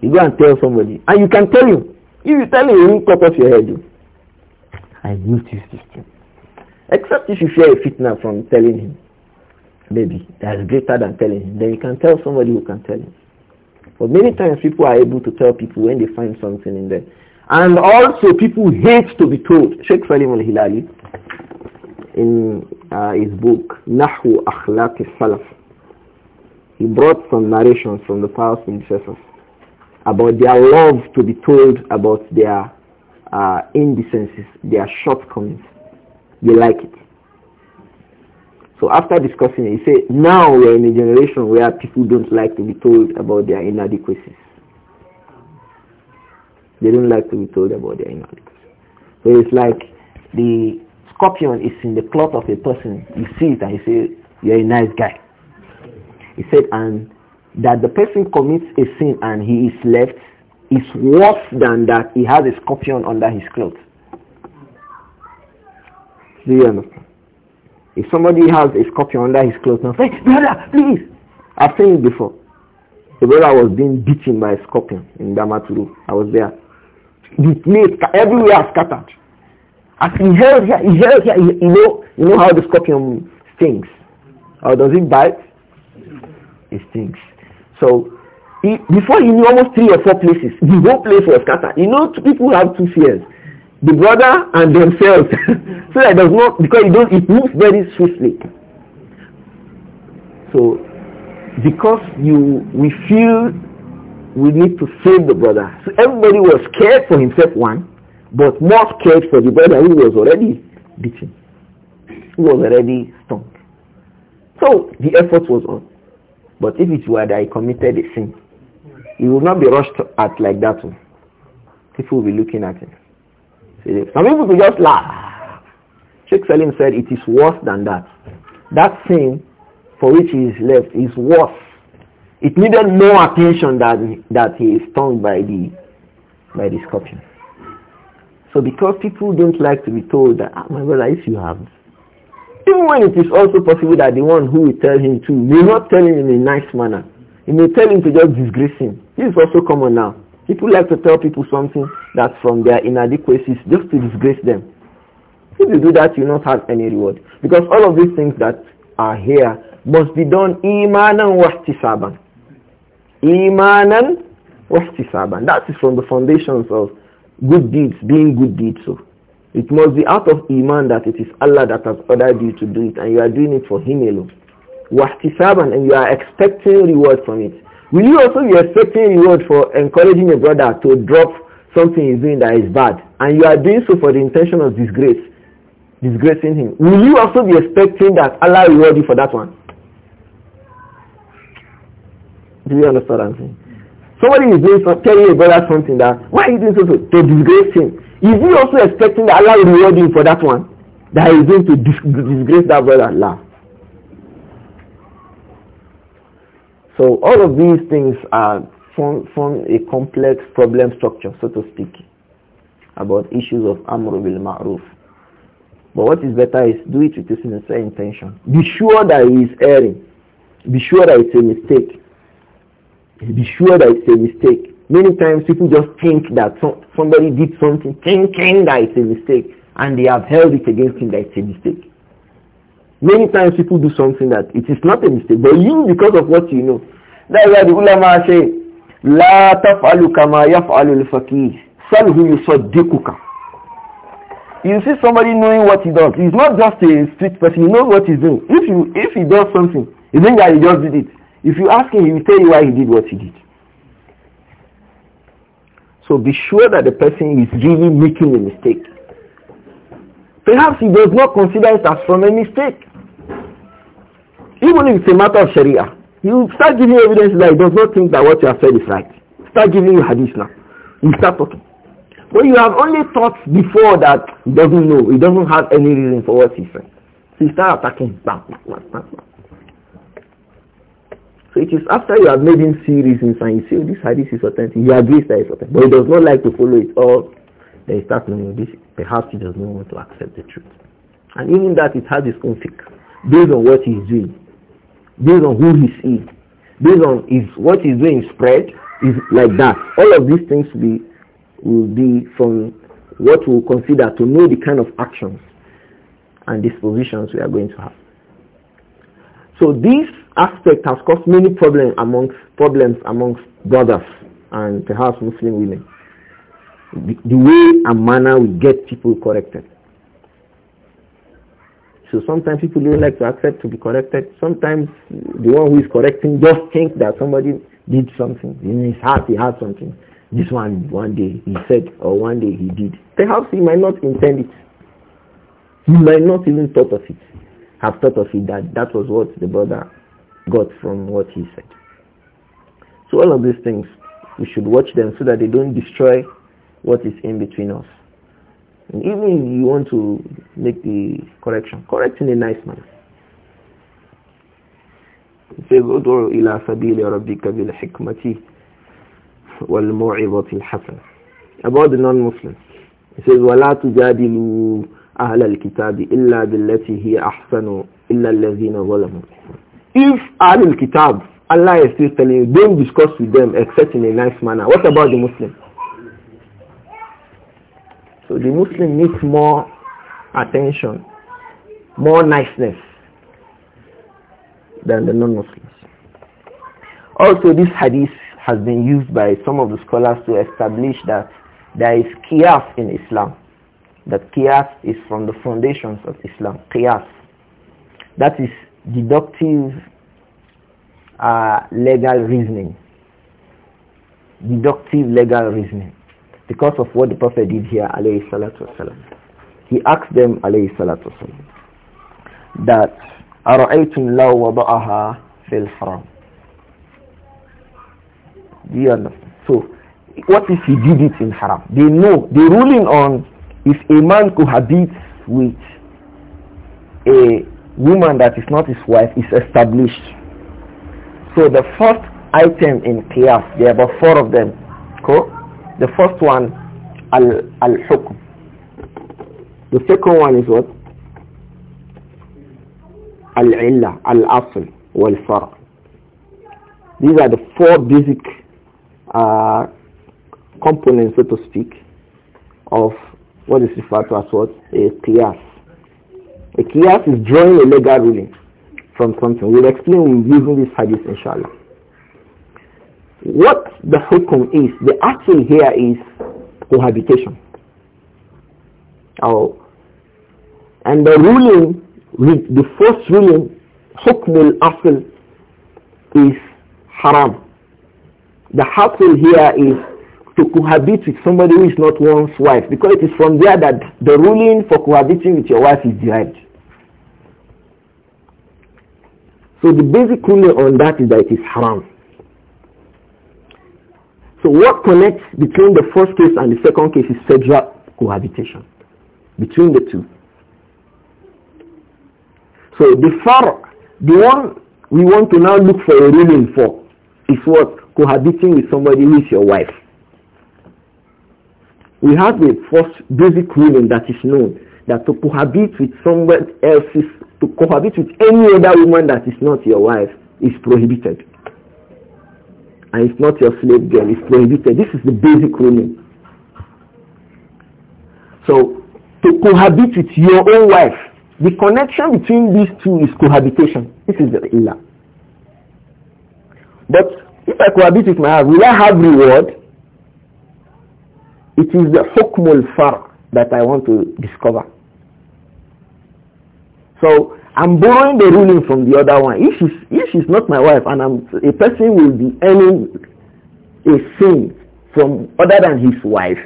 You go and tell somebody, and you can tell him. If you tell him, he will cut off your head. I noticed this system, Except if you fear a fitna from telling him. Maybe. That's greater than telling him. Then you can tell somebody who can tell him. But many times people are able to tell people when they find something in there. And also people hate to be told. Sheikh Salim al-Hilali in uh, his book Nahu Akhlaq al-Salaf he brought some narrations from the past predecessors about their love to be told about their uh, indecencies, their shortcomings. They like it. So after discussing it, he said, now we're in a generation where people don't like to be told about their inadequacies. They don't like to be told about their inadequacies. So it's like the scorpion is in the cloth of a person. You see it and you say, you're a nice guy. He said, and that the person commits a sin and he is left is worse than that he has a scorpion under his clothes. Do you understand? If somebody has a scorpion under his clothes now, say, brother, please. I've seen it before. The brother was being beaten by a scorpion in Damaturu. I was there. The place everywhere scattered. As he held here, he held here, he, you know, you know how the scorpion stings. Or does it bite? It stings. So he, before he knew almost three or four places, the hmm. whole place was scattered. You know, people have two fears, the brother and themselves. so that does not, because it, it moves very swiftly. So because you, we feel we need to save the brother. So everybody was scared for himself, one, but more scared for the brother who was already beaten, who was already stung. So the effort was on. But if it were that he committed a sin, he would not be rushed at like that. People will be looking at him. Some people will just laugh. Sheikh Salim said it is worse than that. That sin for which he is left is worse. It needed more attention than that he is stung by the by the scorpion. So because people don't like to be told that, ah, my brother, if you have even when it is also possible that the one who will tell him to may not tell him in a nice manner. He may tell him to just disgrace him. This is also common now. People like to tell people something that from their inadequacies just to disgrace them. If you do that, you will not have any reward. Because all of these things that are here must be done imanan wahtisaban. Imanan wahtisaban. That is from the foundations of good deeds, being good deeds. So it must be out of iman that it is Allah that has ordered you to do it and you are doing it for Him alone. Wahtisaban and you are expecting reward from it. Will you also be expecting reward for encouraging a brother to drop something he's doing that is bad and you are doing so for the intention of disgrace, disgracing him? Will you also be expecting that Allah reward you for that one? Do you understand what I'm saying? Somebody is doing some, telling a brother something that why are you doing so, so to disgrace him? Is he also expecting that Allah will reward him for that one? That he is going to disgrace that brother and So all of these things are form, a complex problem structure, so to speak, about issues of Amr bil Ma'ruf. But what is better is do it with a sincere intention. Be sure that he is erring. Be sure that it's a mistake. Be sure that it's a mistake Many times people just think that somebody did something thinking that it's a mistake and they have held it against him that it's a mistake. Many times people do something that it is not a mistake, but you, because of what you know. That's why the ulama say, لا تفعل كما يفعل الفقيه سله يصدقك You see somebody knowing what he does. He's not just a street person. He knows what he's doing. If you if he does something, you think that he just did it. If you ask him, he will tell you why he did what he did. So be sure that the person is really making a mistake. Perhaps he does not consider it as from a mistake. Even if it's a matter of Sharia, he will start giving evidence that he does not think that what you have said is right. Start giving you hadith now. You start talking. But you have only thought before that he doesn't know, he doesn't have any reason for what he said. So you start attacking. Bam, bam, bam, bam, bam. So it is after you have made him see reasons and you say, oh, this hadith is authentic. He agrees that it's authentic. But he does not like to follow it all. Then he starts knowing this. Perhaps he does not want to accept the truth. And even that it has its own Based on what he is doing. Based on who he is, Based on is what he's doing spread. Is like that. All of these things will be, will be from what we consider to know the kind of actions and dispositions we are going to have. So these aspect has caused many problems amongst, problems amongst brothers and perhaps Muslim women. The, the way and manner we get people corrected. So sometimes people don't like to accept to be corrected. Sometimes the one who is correcting just think that somebody did something. In his heart he has something. This one, one day he said or one day he did. Perhaps he might not intend it. He might not even thought of it. Have thought of it that that was what the brother got from what he said. So all of these things, we should watch them so that they don't destroy what is in between us. And even if you want to make the correction, correct in a nice manner. It ادعو إلى سبيل ربك بالحكمة والموعظة الحسنة. About the non-Muslims. It says, ولا تجادلوا أهل الكتاب إلا بالتي هي أحسن إلا الذين ظلموا. If Ahlul Kitab, Allah is still telling you, don't discuss with them except in a nice manner. What about the Muslim? So the Muslim needs more attention, more niceness than the non-Muslims. Also, this hadith has been used by some of the scholars to establish that there is qiyas in Islam. That qiyas is from the foundations of Islam. Qiyas. That is deductive uh, legal reasoning. Deductive legal reasoning. Because of what the Prophet did here, alayhi salatu wasalam. He asked them, alayhi salatu wasalam, that أَرَأَيْتُمْ لَوْ وَضَعَهَا فِي الْحَرَامِ Do you understand? So, what if he did it in haram? They know. The ruling on if a man cohabits with a woman that is not his wife is established. So the first item in qiyas, there are about four of them. Cool? The first one, al-hukm. The second one is what? Al-illa, al-asl, wal These are the four basic uh, components, so to speak, of what is referred to as what? A qiyas. A qiyas is drawing a legal ruling from something. We'll explain using this hadith inshallah. What the hukum is, the action here is cohabitation. Oh. And the ruling, the first ruling, hukm al-asl, is haram. The hasil here is to cohabit with somebody who is not one's wife because it is from there that the ruling for cohabiting with your wife is derived. So the basic ruling on that is that it is haram. So what connects between the first case and the second case is sexual cohabitation between the two. So the far, the one we want to now look for a ruling for is what? Cohabiting with somebody who is your wife. We have a first basic ruling that is known that to cohabit with someone else's, to cohabit with any other woman that is not your wife is prohibited. And it's not your slave girl, it's prohibited. This is the basic ruling. So, to cohabit with your own wife, the connection between these two is cohabitation. This is the illa. But if I cohabit with my wife, will I have reward? It is the hukmul far that I want to discover. So I'm borrowing the ruling from the other one. If she's, if she's not my wife and I'm, a person will be earning a sin from other than his wife,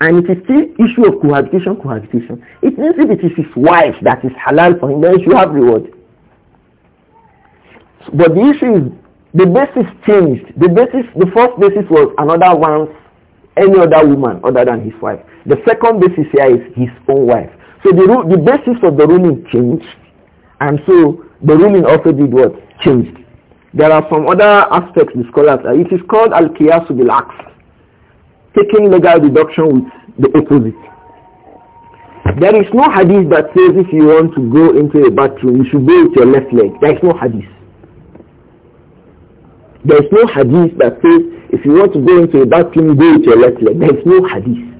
and it is still issue of cohabitation, cohabitation. It means if it is his wife that is halal for him, then she have reward. But the issue is the basis changed. The basis, the first basis was another one's any other woman other than his wife. The second basis here is his own wife. So the, the basis of the ruling changed, and so the ruling also did what? Changed. There are some other aspects the scholars are. Uh, it is called al-qiyasu bil taking legal deduction with the opposite. There is no hadith that says if you want to go into a bathroom, you should go with your left leg. There is no hadith. There is no hadith that says if you want to go into a bathroom, go with your left leg. There's no hadith.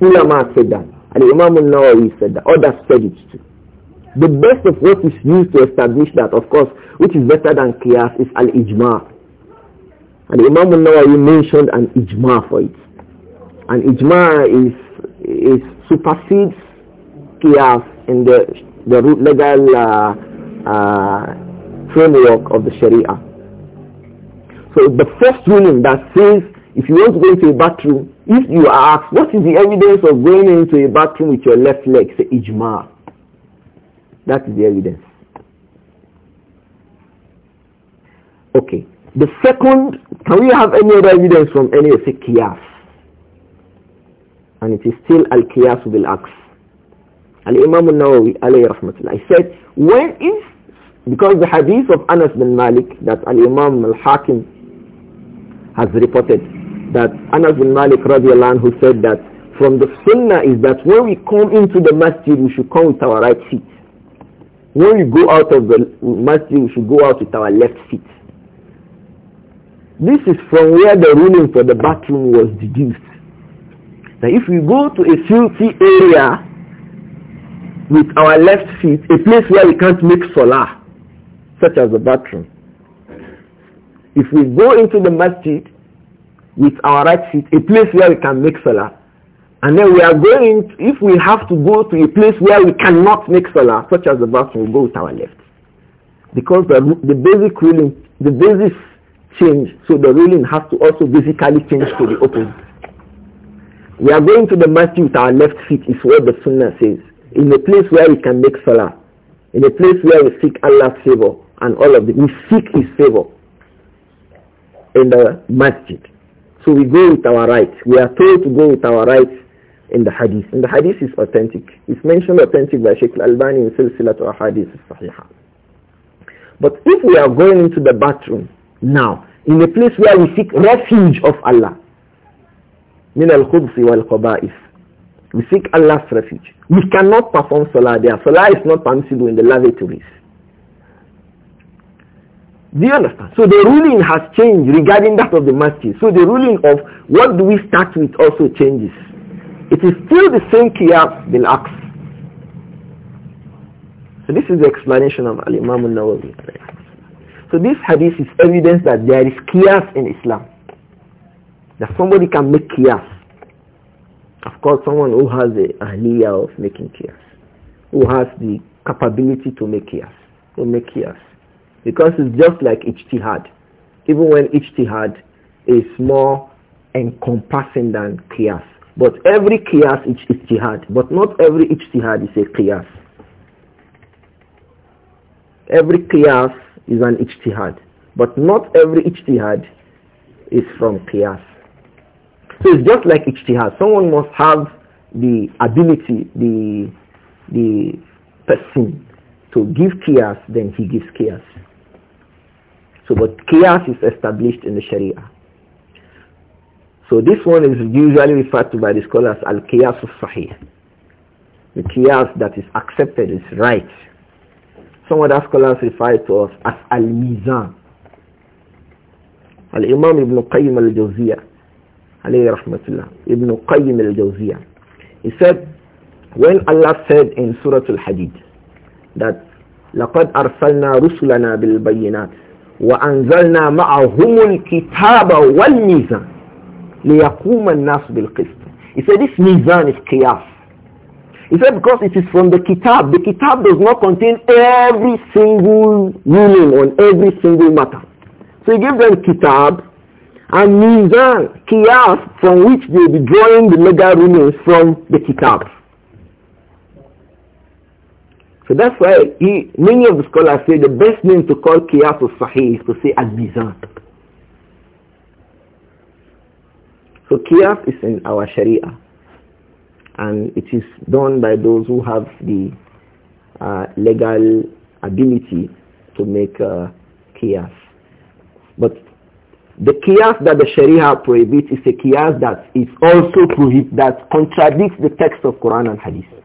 Ulama said that. And Imam al-Nawawi said that. Others said it too. The best of what is used to establish that, of course, which is better than qiyas, is al-ijma. And Imam al-Nawawi mentioned an ijma for it. And ijma is, is supersedes qiyas in the, the legal uh, uh, framework of the sharia. So the first ruling that says if you want to go into a bathroom, if you are asked, what is the evidence of going into a bathroom with your left leg? Say, ijma. That is the evidence. Okay. The second, can we have any other evidence from any of the qiyas? And it is still al-qiyas bil aqs. Al-Imam al-Nawawi alayhi rahmatullah. I said, when is because the hadith of Anas bin Malik that al-Imam al-Hakim has reported that Anas bin Malik radiallahu who said that from the sunnah is that when we come into the masjid, we should come with our right feet. When we go out of the masjid, we should go out with our left feet. This is from where the ruling for the bathroom was deduced. Now if we go to a filthy area with our left feet, a place where we can't make salah, such as the bathroom, if we go into the masjid with our right feet, a place where we can make salah, and then we are going, if we have to go to a place where we cannot make salah, such as the bathroom, we go with our left. Because the, the basic ruling, the basis change, so the ruling has to also basically change to the opposite. We are going to the masjid with our left feet is what the sunnah says. In a place where we can make salah. In a place where we seek Allah's favor and all of it, We seek His favor in the masjid. So we go with our rights. We are told to go with our rights in the hadith. And the hadith is authentic. It's mentioned authentic by Sheikh Al-Albani in Silsilat al Hadith Sahihah. But if we are going into the bathroom now, in a place where we seek refuge of Allah, min al wal we seek Allah's refuge. We cannot perform salah there. Salah is not permissible in the lavatories. Do you understand? So the ruling has changed regarding that of the masjid. So the ruling of what do we start with also changes. It is still the same qiyas bil aqs. So this is the explanation of Al-Imam al-Nawawi. So this hadith is evidence that there is qiyas in Islam. That somebody can make qiyas. Of course, someone who has the ahliya of making qiyas. Who has the capability to make qiyas. To make qiyas. Because it's just like ijtihad. Even when ijtihad is more encompassing than qiyas. But every qiyas is ijtihad. But not every ijtihad is a qiyas. Every qiyas is an ijtihad. But not every ijtihad is from qiyas. So it's just like ijtihad. Someone must have the ability, the the person to give qiyas, then he gives qiyas. So, but qiyas is established in the Sharia. So this one is usually referred to by the scholars al-qiyas sahih The qiyas that is accepted is right. Some other scholars refer to us as al-mizan. Al-Imam Ibn Qayyim al-Jawziyah, alayhi rahmatullah, Ibn Qayyim al-Jawziyah. He said, when Allah said in Surah Al-Hadid that لَقَدْ أَرْسَلْنَا رُسُلَنَا بِالْبَيِّنَاتِ وأنزلنا معهم الكتاب والميزان ليقوم الناس بالقسط He said this mizan is kiyas He said because it is from the kitab. The kitab does not contain every single ruling on every single matter. So he gave them kitab and mizan, kiyas from which they will be drawing the legal rulings from the kitab. So that's why he, many of the scholars say the best name to call Qiyas al-Sahih is to say Al-Mizan. So Qiyas is in our Sharia and it is done by those who have the uh, legal ability to make uh, Qiyas. But the Qiyas that the Sharia prohibits is a Qiyas that is also prohibit, that contradicts the text of Quran and Hadith.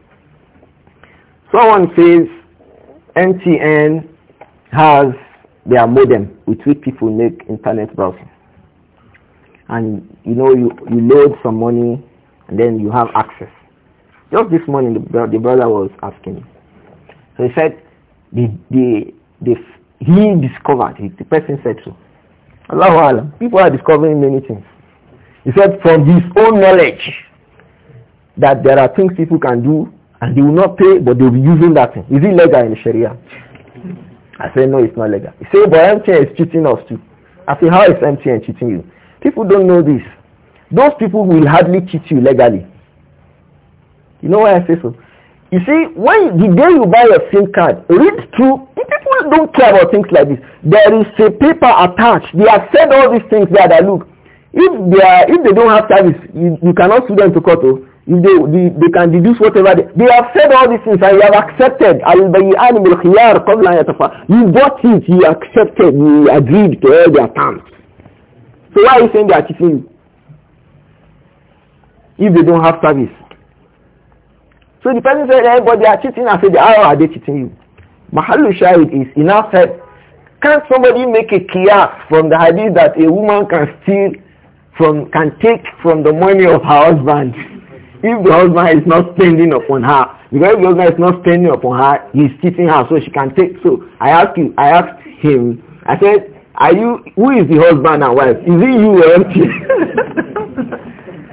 Someone says MTN has their modem with which people make internet browsing. And you know, you, you load some money and then you have access. Just this morning, the, the brother was asking me. So he said, the, the, the, he discovered, he, the person said so. Allah Alam, people are discovering many things. He said from his own knowledge that there are things people can do and they will not pay, but they will be using that thing. Is it legal in Sharia? I said, no, it's not legal. He said, oh, but MTN is cheating us too. I said, how is MTN cheating you? People don't know this. Those people will hardly cheat you legally. You know why I say so? You see, when the day you buy a SIM card, read through. People don't care about things like this. There is a paper attached. They have said all these things there that look, if they are, if they don't have service, you, you cannot sue them to court. Oh. If they, they, they can deduce whatever they, they have said all these things and you have accepted you bought it you accepted you agreed to all their terms so why are you saying they are cheating you if they don't have service so the person said hey, but they are cheating i said how are they cheating you mahallu shahid is enough said can't somebody make a kiyas from the hadith that a woman can steal from can take from the money of her husband if the husband is not spending upon her because if the husband is not spending upon her he's cheating her so she can take so i asked him i him i said are you who is the husband and wife is it you or empty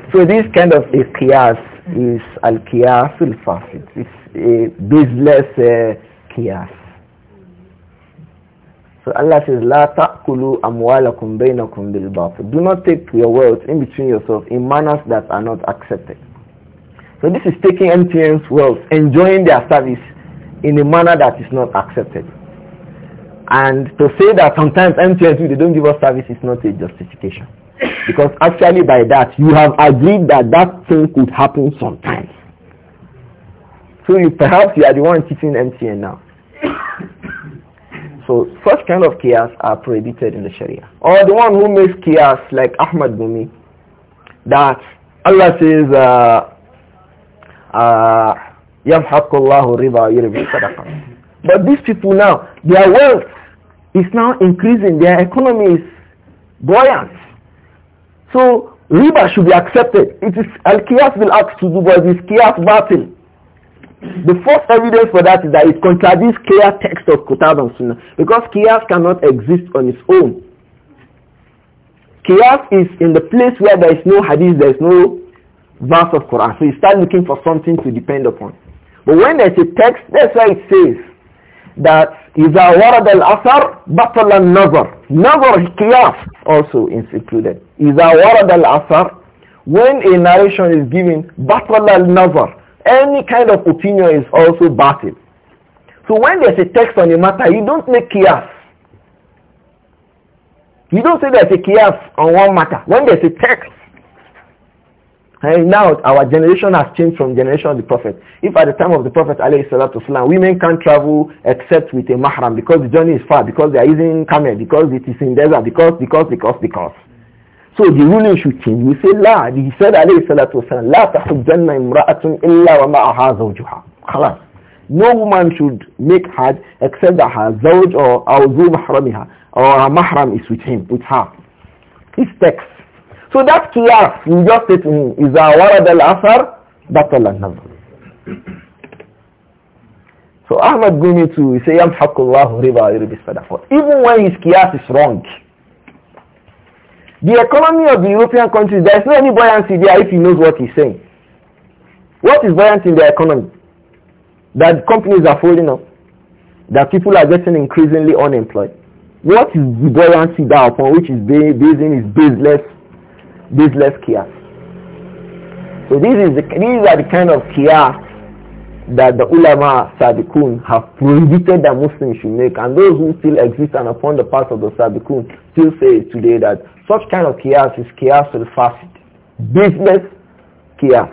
so this kind of a qiyas is al qiyas al fasid it's a baseless uh, qiyas so Allah says, لا ta'kulu amwalakum بينكم bil Do not take your wealth in between yourself in manners that are not accepted. So this is taking MTN's wealth, enjoying their service in a manner that is not accepted. And to say that sometimes MTN, they don't give us service is not a justification. Because actually by that, you have agreed that that thing could happen sometimes. So you, perhaps you are the one teaching MTN now. so such kind of chaos are prohibited in the Sharia. Or the one who makes chaos like Ahmad Bumi, that Allah says, uh, uh, but these people now, their wealth is now increasing, their economy is buoyant. So riba should be accepted. It is al-qiyas bil to do but it is qiyas batil. The first evidence for that is that it contradicts clear text of Qutab and Sunnah because qiyas cannot exist on its own. Qiyas is in the place where there is no hadith, there is no verse of Quran. So you start looking for something to depend upon. But when there's a text, that's why it says that إِذَا al asar بَطَلَ النَّظَرْ Nazar qiyas also is included. warad al asar When a narration is given, بَطَلَ النَّظَرْ Any kind of opinion is also battled. So when there's a text on a matter, you don't make qiyas. You don't say there's a qiyas on one matter. When there's a text, and now our generation has changed from generation of the Prophet. If at the time of the Prophet والسلام, women can't travel except with a mahram because the journey is far, because they are using camel, because it is in desert, because, because, because, because. So the ruling should change. We say, La, he said alayhi to wasalam, La tahujjanna imra'atun illa wa ma'aha zawjuha. Khalas. No woman should make hajj except that her zawj or awzu or her mahram is with him, with her. This text so that qiyas, you just say to him, إِذَا وَرَدَ الْأَثَرْ بَطَلَ النَّظْرُ So Ahmad Gumi too, say, يَمْحَقُ اللَّهُ رِبَا يُرِبِ Even when his qiyas is wrong, the economy of the European countries, there is no any buoyancy there if he knows what he's saying. What is buoyant in the economy? That companies are folding up, that people are getting increasingly unemployed. What is the buoyancy there upon which is basing his baseless baseless chaos. So this is the, these are the kind of chaos that the ulama sabikun have prohibited that Muslims should make and those who still exist and upon the path of the sabikun still say today that such kind of chaos is chaos qiyas the fasid business chaos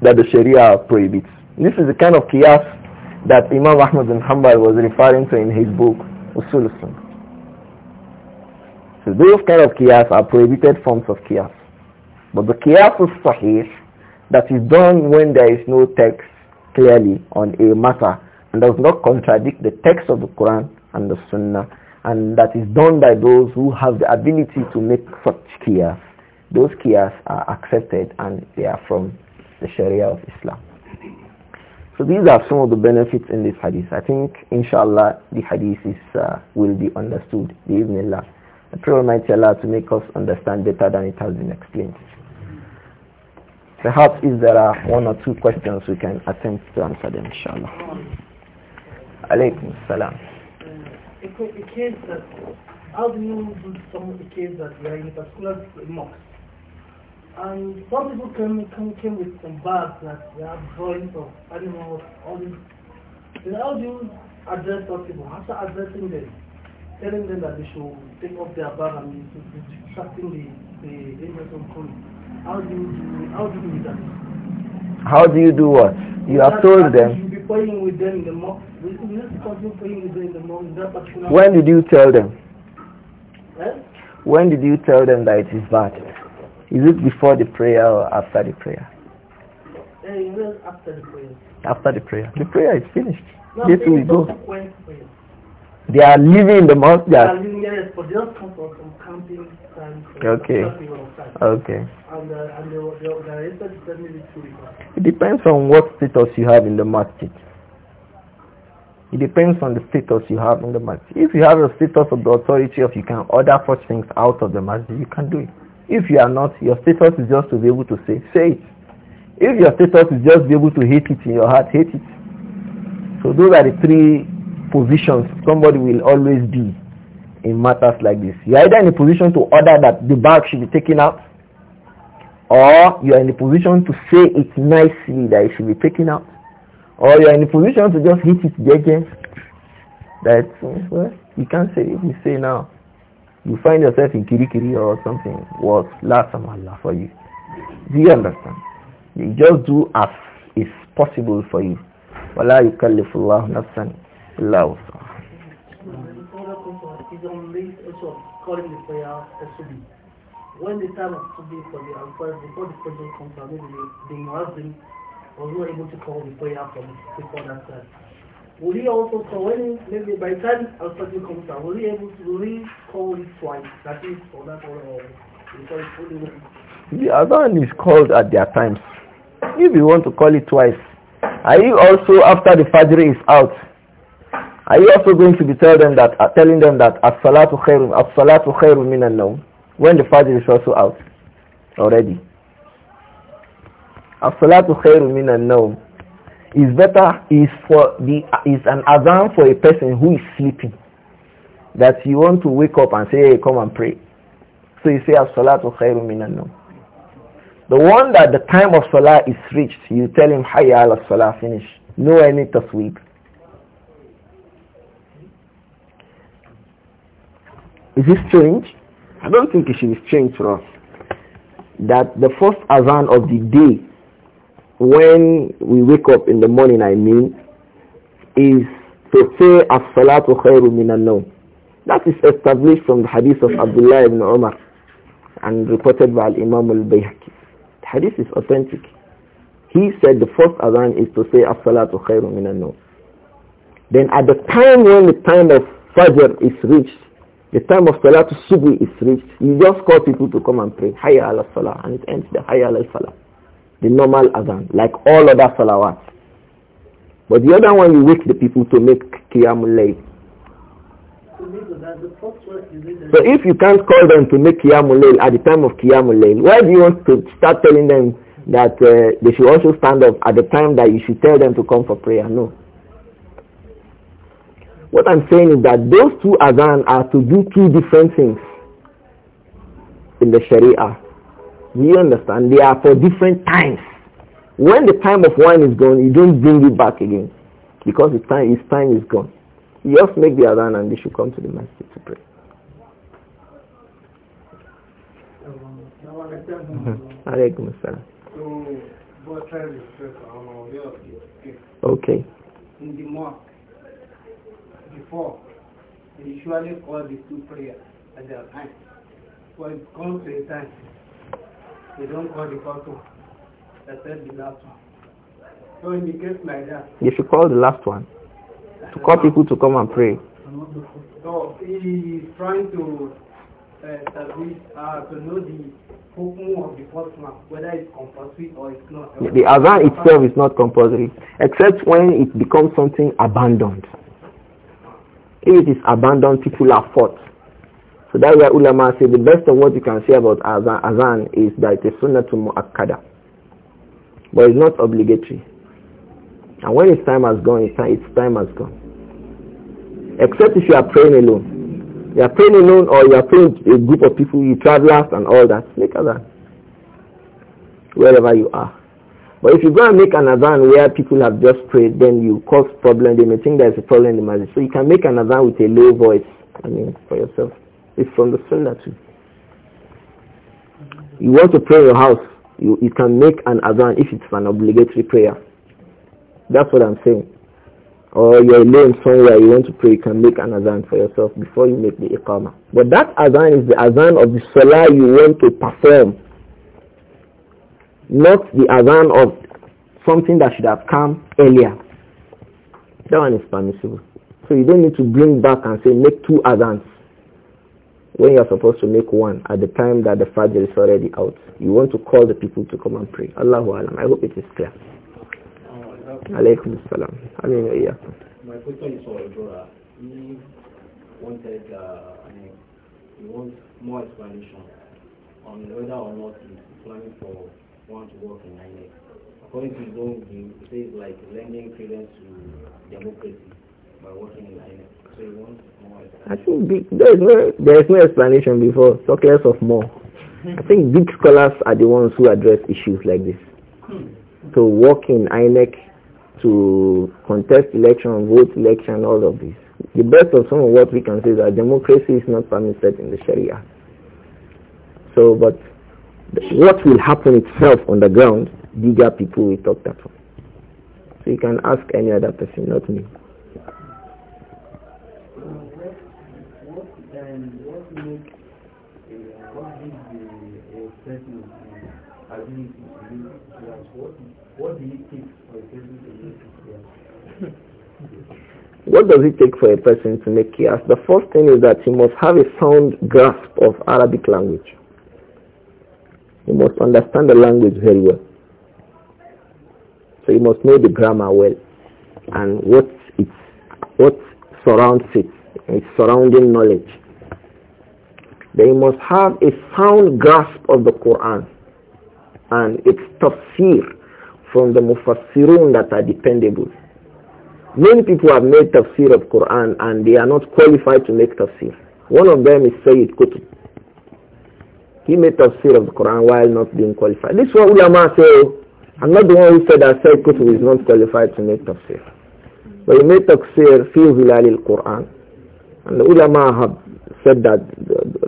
that the sharia prohibits. This is the kind of chaos that Imam Ahmad bin Hanbal was referring to in his book Usul al so those kind of qiyas are prohibited forms of qiyas. But the qiyas is sahih that is done when there is no text clearly on a matter and does not contradict the text of the Quran and the Sunnah and that is done by those who have the ability to make such qiyas. Those qiyas are accepted and they are from the Sharia of Islam. So these are some of the benefits in this hadith. I think, inshallah, the hadith is, uh, will be understood. Bismillah. I pray Almighty Allah to make us understand better than it has been explained. Perhaps if there are one or two questions, we can attempt to answer them, inshallah. Alaykum salam. Uh, a case that, how do you do some cases case that we are in a particular mosque? And some people came, came, came with some bags that they have drawings of animals, all these. Then how do you address those people? After addressing them, telling them that they should take off their bag and distracting the the angels from coming. How do you do, how do you do that? How do you do what? You have told them. You be praying with them in the mosque. The when did you tell them? Eh? When did you tell them that it is bad? Is it before the prayer or after the prayer? Eh, after the prayer. After the prayer. The prayer is finished. This will we go. They are living in the mosque. They are living there, but they come from, from camping and from okay. Okay. And, uh, and they, they, they are truth. It depends on what status you have in the masjid. It depends on the status you have in the masjid. If you have a status of the authority of you can order such things out of the masjid, you can do it. If you are not, your status is just to be able to say, say it. If your status is just be able to hate it in your heart, hate it. So those are the three positions somebody will always be in matters like this. You are either in a position to order that the bag should be taken out, or you are in a position to say it nicely that it should be taken out, or you are in a position to just hit it again. That well, you can't say if you say now. You find yourself in kirikiri or something worse. Last time Allah for you. Do you understand? You just do as is possible for you. وَلَا يُكَلِّفُ اللَّهُ نَفْسًا الله When the time of Subi for the Alfred, before the person comes out, maybe the Muslim was not able to call the prayer from before that time. Will he also call, when maybe by the time Alfred comes out, will he able to, leave call it twice? That is for that one or before it's fully The is called at their times. If you want to call it twice, are you also after the Fajr is out, are you also going to be telling them that, uh, telling them that as-salatu khairun, as-salatu khairun minan al when the Fajr is also out already? As-salatu khairun minan al is better is for the uh, is an adhan for a person who is sleeping that you want to wake up and say hey come and pray so you say as-salatu khairun minan an the one that the time of salah is reached you tell him hayya ala salah finish no any tasweep Is it strange? I don't think it should be strange for us that the first azan of the day when we wake up in the morning, I mean, is to say as-salatu khairu minan nawm. That is established from the hadith of Abdullah ibn Umar and reported by Imam al-Bayhaqi. The hadith is authentic. He said the first azan is to say as-salatu khairu minan nawm. Then at the time when the time of Fajr is reached, the time of Salah to is reached. You just call people to come and pray. Hayya ala Salah. And it ends the Hayya ala Salah. The normal Adhan. Like all other Salawat. But the other one, you wake the people to make Qiyamul Layl. So if you can't call them to make Qiyamul Layl at the time of Qiyamul Layl, why do you want to start telling them that uh, they should also stand up at the time that you should tell them to come for prayer? No. What I'm saying is that those two azan are to do two different things in the Sharia. We understand they are for different times. When the time of one is gone, you don't bring it back again because its time, his time is gone. You just make the azan and they should come to the masjid to pray. Mm-hmm. Okay. In the mosque, four, usually call the two prayers at their time. When it comes to the time, they don't call the first one. They said the last one. So in the case like that. You should call the last one. To call people to come and pray. So he is trying to uh, establish, uh, to know the hukum of the prayer, whether it's compulsory or it's not. The, the azan itself is not compulsory, except when it becomes something abandoned. If it is abandoned, people are fought. So that's why ulama say the best of what you can say about azan, azan is that it is sunnah to mu'akkada. But it's not obligatory. And when its time has gone, its time, its time has gone. Except if you are praying alone. You are praying alone or you are praying a group of people, you travelers and all that. Make azan. Wherever you are. But if you go and make an adhan where people have just prayed, then you cause problem. They may think there's a problem in the masjid. So you can make an adhan with a low voice. I mean, for yourself. It's from the sunnah too. You want to pray your house, you, you can make an adhan if it's an obligatory prayer. That's what I'm saying. Or you're alone somewhere, you want to pray, you can make an adhan for yourself before you make the iqamah. But that adhan is the adhan of the salah you want to perform not the adhan of something that should have come earlier. That one is permissible. So you don't need to bring back and say make two adhans when you are supposed to make one at the time that the Fajr is already out. You want to call the people to come and pray. Allahu Alam. I hope it is clear. Oh, Alaykum salam. My question is for Adora. He wanted, uh, I mean, he wants more explanation on whether or not he's planning for want to work in INEC. According to his own view, like lending credence to democracy by working in INEC. So he wants more. I think big, there is no there is no explanation before. Talk less of more. I think big scholars are the ones who address issues like this. Hmm. To so work in INEC, to contest election, vote election, all of this. The best of some of what we can say is that democracy is not permitted in the Sharia. So, but what will happen itself on the ground, bigger people will talk that one. So you can ask any other person, not me. What does it take for a person to make chaos? The first thing is that he must have a sound grasp of Arabic language. You must understand the language very well. So you must know the grammar well and what it, what surrounds it, its surrounding knowledge. Then you must have a sound grasp of the Quran and its tafsir from the mufassirun that are dependable. Many people have made tafsir of Quran and they are not qualified to make tafsir. One of them is Sayyid Qutb. He made tafsir of the Quran while not being qualified. This is what ulama say. Oh. I'm not the one who said that Sayyid Qutb is not qualified to make tafsir. But he made tafsir fi hilal al-Quran. And the ulama have said that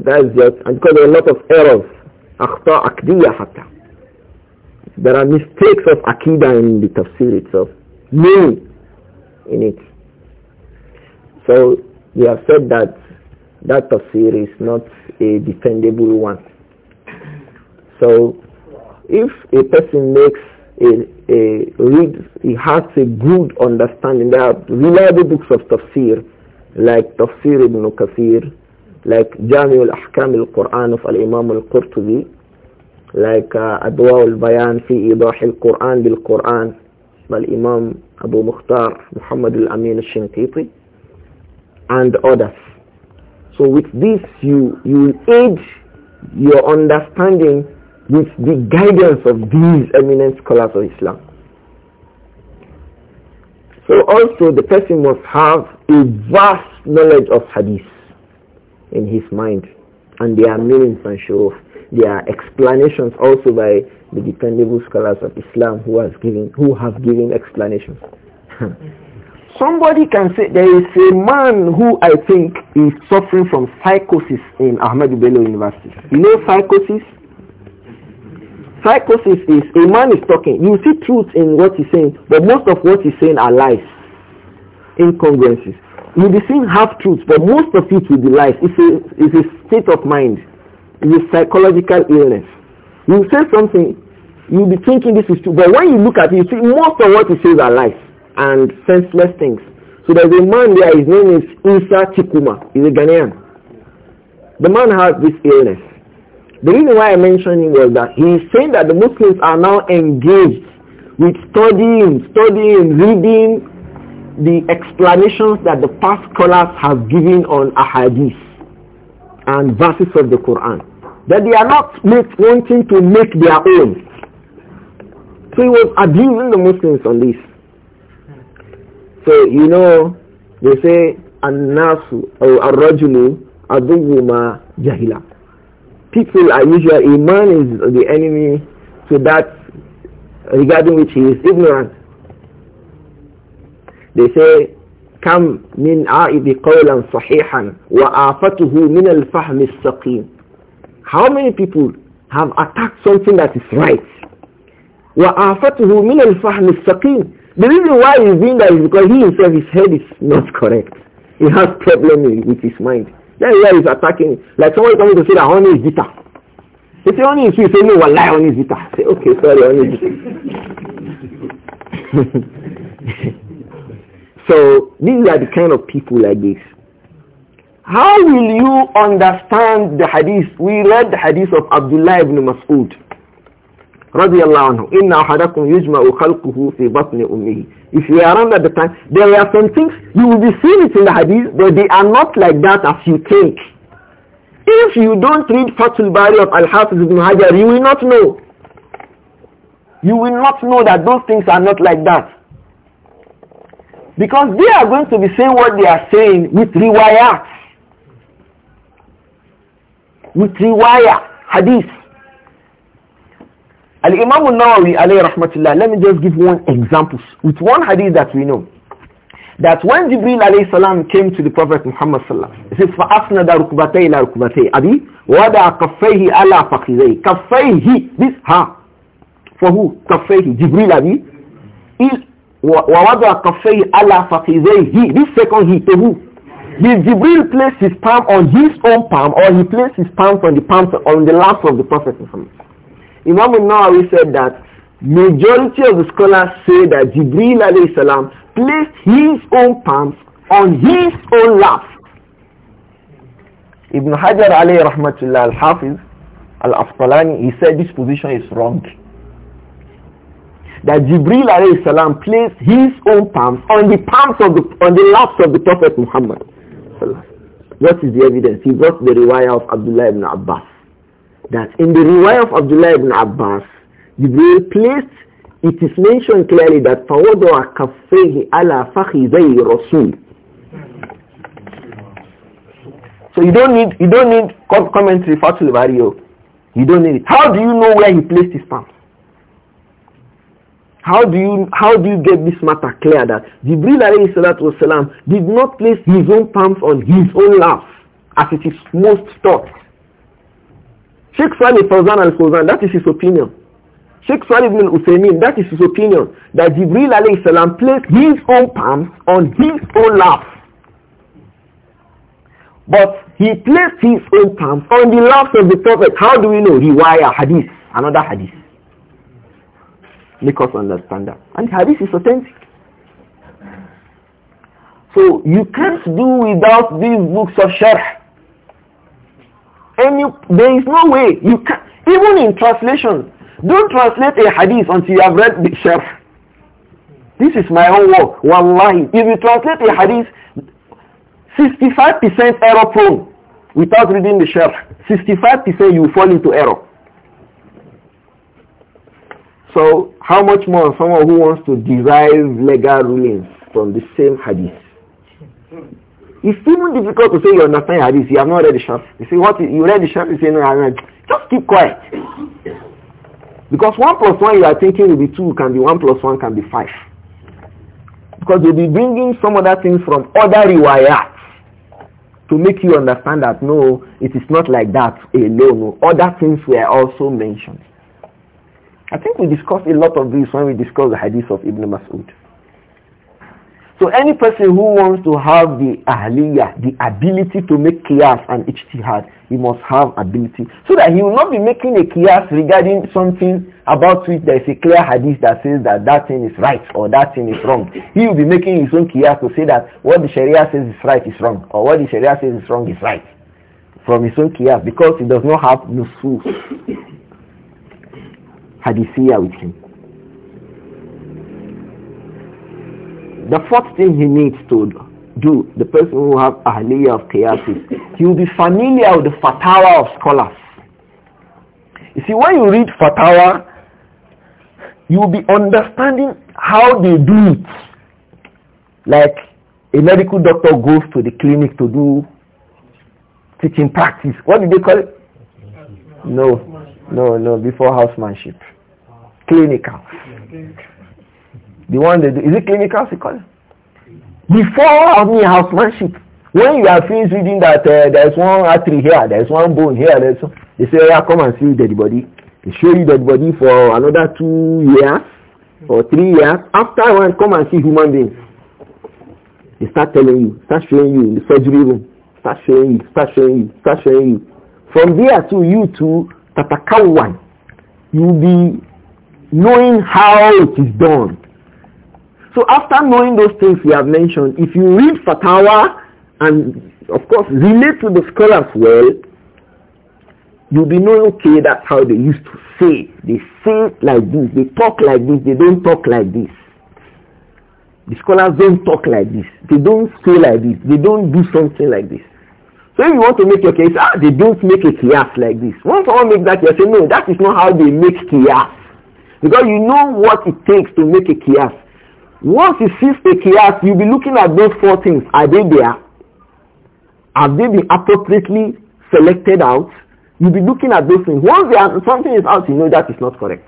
that is just, and because there are a lot of errors, akhta akdiya hatta. There are mistakes of akida in the tafsir itself, many in it. So we have said that that tafsir is not a defendable one. So if a person makes a, a read, he has a good understanding. There are reliable books of tafsir, like Tafsir ibn Kathir, like Jami al-Ahkam al-Quran of al-Imam al-Qurtubi, like uh, Adwa al-Bayan fi Idah al-Quran bil-Quran by Imam Abu Mukhtar Muhammad al-Amin al-Shinkiti, and others. So with this, you, you will aid your understanding with the guidance of these eminent scholars of Islam. So also the person must have a vast knowledge of hadith in his mind and their meanings and there their explanations also by the dependable scholars of Islam who has given who have given explanations. Somebody can say there is a man who I think is suffering from psychosis in Ahmed Bello University. You know psychosis? psychosis is a man is talking. You see truth in what he's saying, but most of what he's saying are lies, Incongruences. You'll be seeing half truths, but most of it will be lies. It's a, it's a state of mind. It's a psychological illness. You say something, you'll be thinking this is true, but when you look at it, you see most of what he says are lies and senseless things. So there's a man there, his name is Isa Chikuma. He's a Ghanaian. The man has this illness the reason why I mentioned him was that he's saying that the Muslims are now engaged with studying, studying, reading the explanations that the past scholars have given on ahadith and verses of the Quran. That they are not make, wanting to make their own. So he was abusing the Muslims on this. So, you know, they say, الناس or الرجل عدو ما جهلا people are usually, Iman is the enemy to that regarding which he is ignorant. They say, كم من عائد قولا صحيحا وآفته من الفهم السقيم How many people have attacked something that is right? وآفته من الفهم السقيم The reason why he's doing that is because he himself, his head is not correct. He has problem with his mind. Then he's attacking, like somebody coming to say that honey is bitter. He say honey is sweet. Say no, lie, honey is bitter. Say okay, sorry, honey is bitter. so these are the kind of people like this. How will you understand the hadith? We read the hadith of Abdullah ibn Mas'ud radiallahu anhu, inna ahadakum yujma'u khalquhu fi batni ummihi. If you are around at the time, there are some things, you will be seeing it in the hadith, but they are not like that as you think. If you don't read Fatul Bari of Al-Hafiz ibn Hajar, you will not know. You will not know that those things are not like that. Because they are going to be saying what they are saying with riwayat. With riwayat, hadith. Al-Imam al-Nawawi alayhi rahmatullah, let me just give one example with one hadith that we know. That when Jibril alayhi salam came to the Prophet Muhammad sallallahu alayhi wa sallam, he says, فَأَسْنَدَ رُكْبَتَيْ إِلَى رُكْبَتَيْ أَبِي وَدَعَ كَفَّيْهِ عَلَى كَفَّيْهِ This ha. For who? كَفَّيْهِ Jibril abi. وَوَضَعَ كَفَّيْهِ عَلى فَقِذَيْهِ This second he to who? Did Jibril place his palm on his own palm or he placed his palm on the palm on the lap of the Prophet Muhammad? Imam al-Nawawi said that majority of the scholars say that Jibril alayhi salam placed his own palms on his own lap. Ibn Hajar alayhi rahmatullah al-Hafiz al-Asqalani, he said this position is wrong. That Jibril alayhi salam placed his own palms on the palms of the, on the laps of the Prophet Muhammad. What is the evidence? He brought the riwayah of Abdullah ibn Abbas that in the riwayah of Abdullah ibn Abbas, real place it is mentioned clearly that فَوَضَعَ كَفَّيْهِ عَلَى فَخِذَيْ رَسُولِ So you don't need, you don't need commentary for the Bario. You don't need it. How do you know where he placed his palms? How do you how do you get this matter clear that Jibril alayhi salatu wasalam did not place his own palms on his own lap as it is most taught? Sheikh Salih Fawzan al-Fawzan, that is his opinion. Sheikh Salih ibn Uthaymeen, that is his opinion, that Jibril alayhi salam placed his own palms on his own lap. But he placed his own palms on the laps of the Prophet. How do we know? Riwayah, hadith, another hadith. Make us understand that. And hadith is authentic. So you can't do without these books of sharh. And you, there is no way you can even in translation. Don't translate a hadith until you have read the shelf. This is my own work. line. If you translate a hadith, 65% error prone without reading the shelf. 65% you fall into error. So how much more someone who wants to derive legal rulings from the same hadith? It's even difficult to say you understand hadith. You have not read the shaf. You see what you read the shaf. You say no, I read. Just keep quiet. Because one plus one you are thinking will be two can be one plus one can be five. Because you'll be bringing some other things from other riwayat to make you understand that no, it is not like that alone. No, other things were also mentioned. I think we discussed a lot of this when we discussed the hadith of Ibn Mas'ud. So any person who wants to have the ahliyah, the ability to make kiyas and ijtihad, he must have ability. So that he will not be making a kiyas regarding something about which there is a clear hadith that says that that thing is right or that thing is wrong. He will be making his own kiyas to say that what the sharia says is right is wrong or what the sharia says is wrong is right from his own kiyas because he does not have nusus hadithiyah with him. The fourth thing he needs to do, the person who have ahliya of qiyas he will be familiar with the fatwa of scholars. You see, when you read fatwa, you will be understanding how they do it. Like a medical doctor goes to the clinic to do teaching practice. What do they call it? No, no, no, before housemanship. Clinical. The one that is do, is it clinical psychology? Before only housemanship, when you are finished reading that uh, there is one artery here, there is one bone here, there is one, they say, yeah, come and see dead body. They show you dead body for another two years or three years. After one, come and see human beings. They start telling you, start showing you in the surgery room, start showing you, start showing you, start showing you. From there to you to Tatakawan, you'll be knowing how it is done. So after knowing those things we have mentioned, if you read fatawa and of course relate to the scholars well, you'll be knowing, okay, that's how they used to say. They say like this, they talk like this, they don't talk like this. The scholars don't talk like this. They don't say like this. They don't do something like this. So if you want to make your case, ah, they don't make a kiyas like this. Once someone makes that, you say, no, that is not how they make kiyas. Because you know what it takes to make a kiyas. Once you see a chaos, you'll be looking at those four things. Are they there? Have they been appropriately selected out? You'll be looking at those things. Once are, something is out, you know that is not correct.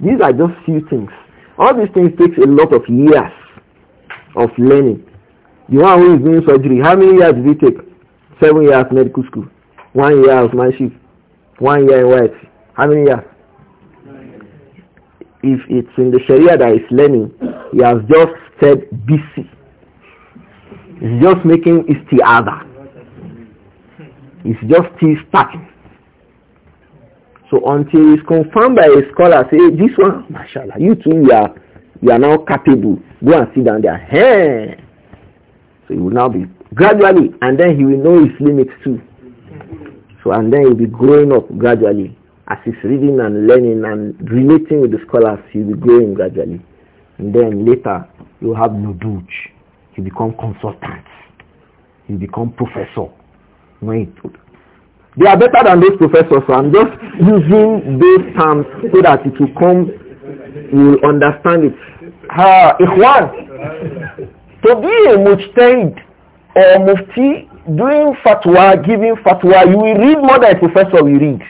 These are just few things. All these things takes a lot of years of learning. The one who is doing surgery, how many years did it take? Seven years medical school. One year of my shift. One year in white. How many years? if it's in the Sharia that he's learning, he has just said BC. He's just making istiada. It's just still starting. So until it's confirmed by a scholar, say, hey, this one, mashallah, you too, you are, you are now capable. Go and sit down there. Hey! So he will now be gradually, and then he will know his limits too. So, and then he'll be growing up gradually. As he's reading and learning and relating with the scholars, he will be growing gradually. And then later, you have Nuduj. He become consultant. He become professor. they are better than those professors, so I'm just using those terms so that it will come, you will understand it. Ikhwan, to be a mujtahid or mufti, doing fatwa, giving fatwa, you will read more than a professor will read.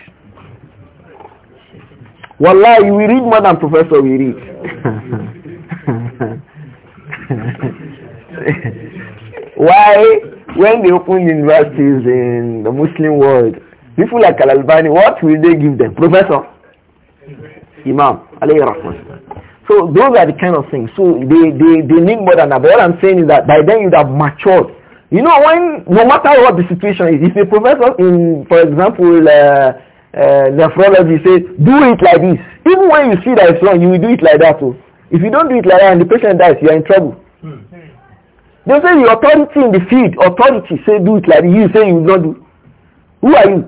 Wallahi, we read more than professor we read. Why? When they open universities in the Muslim world, people like Al-Albani, what will they give them? Professor? Imam. Alayhi So those are the kind of things. So they, they, they need more than that. But what I'm saying is that by then you have matured. You know, when no matter what the situation is, if a professor in, for example, uh, uh, nephrology say do it like this even when you see that it's wrong you will do it like that oh. if you don't do it like that and the patient dies you are in trouble hmm. they say the authority in the field authority say do it like this you say you will not do who are you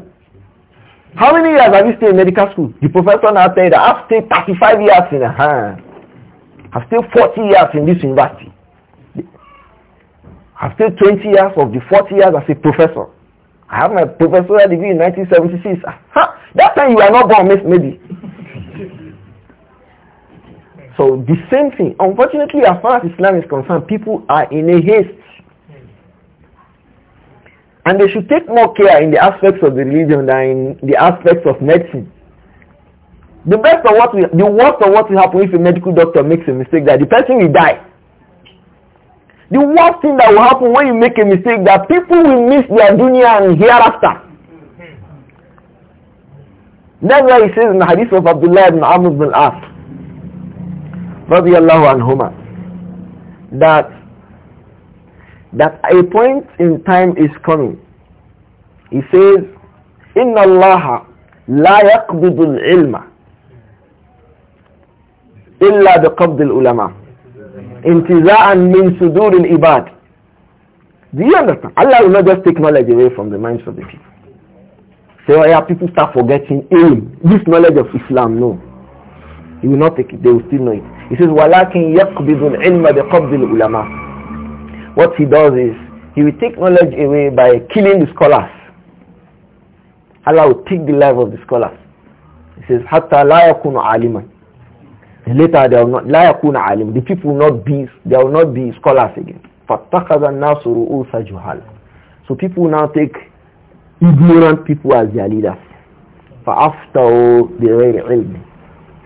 how many years have you stayed in medical school the professor now tell you that i've stayed 35 years in a uh-huh. hand i've stayed 40 years in this university i've stayed 20 years of the 40 years as a professor I have my professorial degree in 1976. Ha! That time you are not born, miss, maybe. so the same thing. Unfortunately, as far as Islam is concerned, people are in a haste. And they should take more care in the aspects of the religion than in the aspects of medicine. The best of what we, the worst of what will happen if a medical doctor makes a mistake that the person will die. The worst thing that will happen when you make a mistake that people will miss their dunya and hereafter. That's why he says in the hadith of Abdullah ibn Amr ibn as radiyallahu anhuma that that a point in time is coming. He says, إن Allah لا yaqbidu العلم إلا illa biqabd ulama intiza'an min in ibad. Do you understand? Allah will not just take knowledge away from the minds of the people. So yeah, people start forgetting him. This knowledge of Islam, no. He will not take it. They will still know it. He says, وَلَكِنْ يَقْبِضُ الْعِلْمَ بِقَبْضِ ulama." What he does is, he will take knowledge away by killing the scholars. Allah will take the life of the scholars. He says, "Hatta la يَكُنُ Later they will not, لا يكون The people will not be, they will not be scholars again. فَاتَّخَذَ النَّاسُ رُؤُوسَ جُهَالٍ So people now take ignorant people as their leaders. فَأَفْتَوْا بِغَيْرِ عِلْمٍ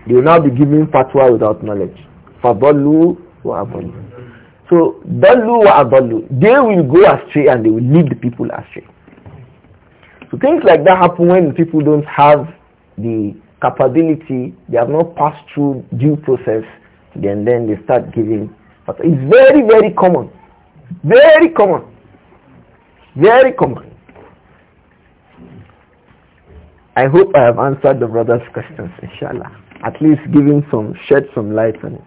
They will now be giving fatwa without knowledge. فَضَلُّوا وَأَضَلُّوا So, دَلُّوا وَأَضَلُّوا They will go astray and they will lead the people astray. So things like that happen when people don't have the capability, they have not passed through due process, then then they start giving. But it's very, very common. Very common. Very common. I hope I have answered the brother's questions, inshallah. At least giving some, shed some light on it.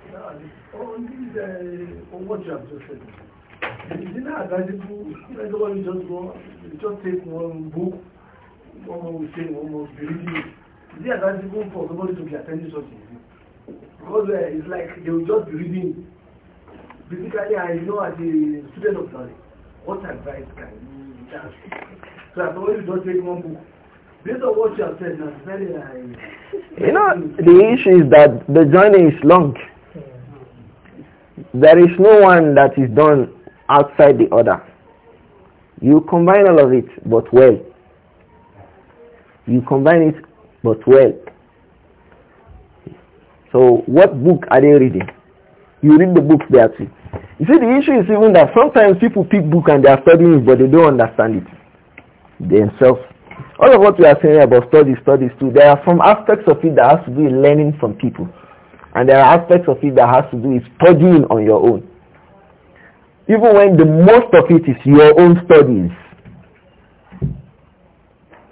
Just take one book, one will one will is it advisable for nobody to be attending such thing? Because uh, it's like they will just be reading. Basically, I know as a student of knowledge, what advice can you have? So I thought you don't take one book. These are what you are said now, very uh, You know, the issue is that the journey is long. There is no one that is done outside the other. You combine all of it, but well. You combine it but well. So what book are they reading? You read the book there too. You see, the issue is even that sometimes people pick book and they are studying it, but they don't understand it themselves. All of what we are saying about studies, studies too, there are some aspects of it that has to do with learning from people. And there are aspects of it that has to do with studying on your own. Even when the most of it is your own studies,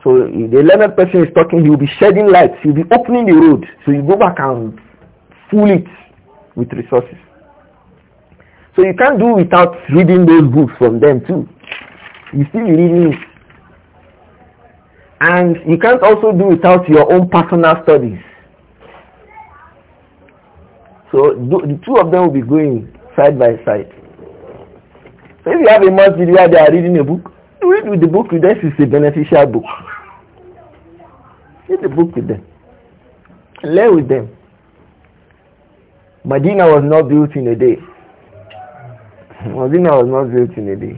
so the 11th person is talking, he will be shedding light. he will be opening the road. So you go back and fool it with resources. So you can't do without reading those books from them too. You still reading it. And you can't also do without your own personal studies. So the two of them will be going side by side. So if you have a month where they are reading a book, read with the book, this is a beneficial book. Read the book with them. Learn with them. Medina was not built in a day. Medina was not built in a day.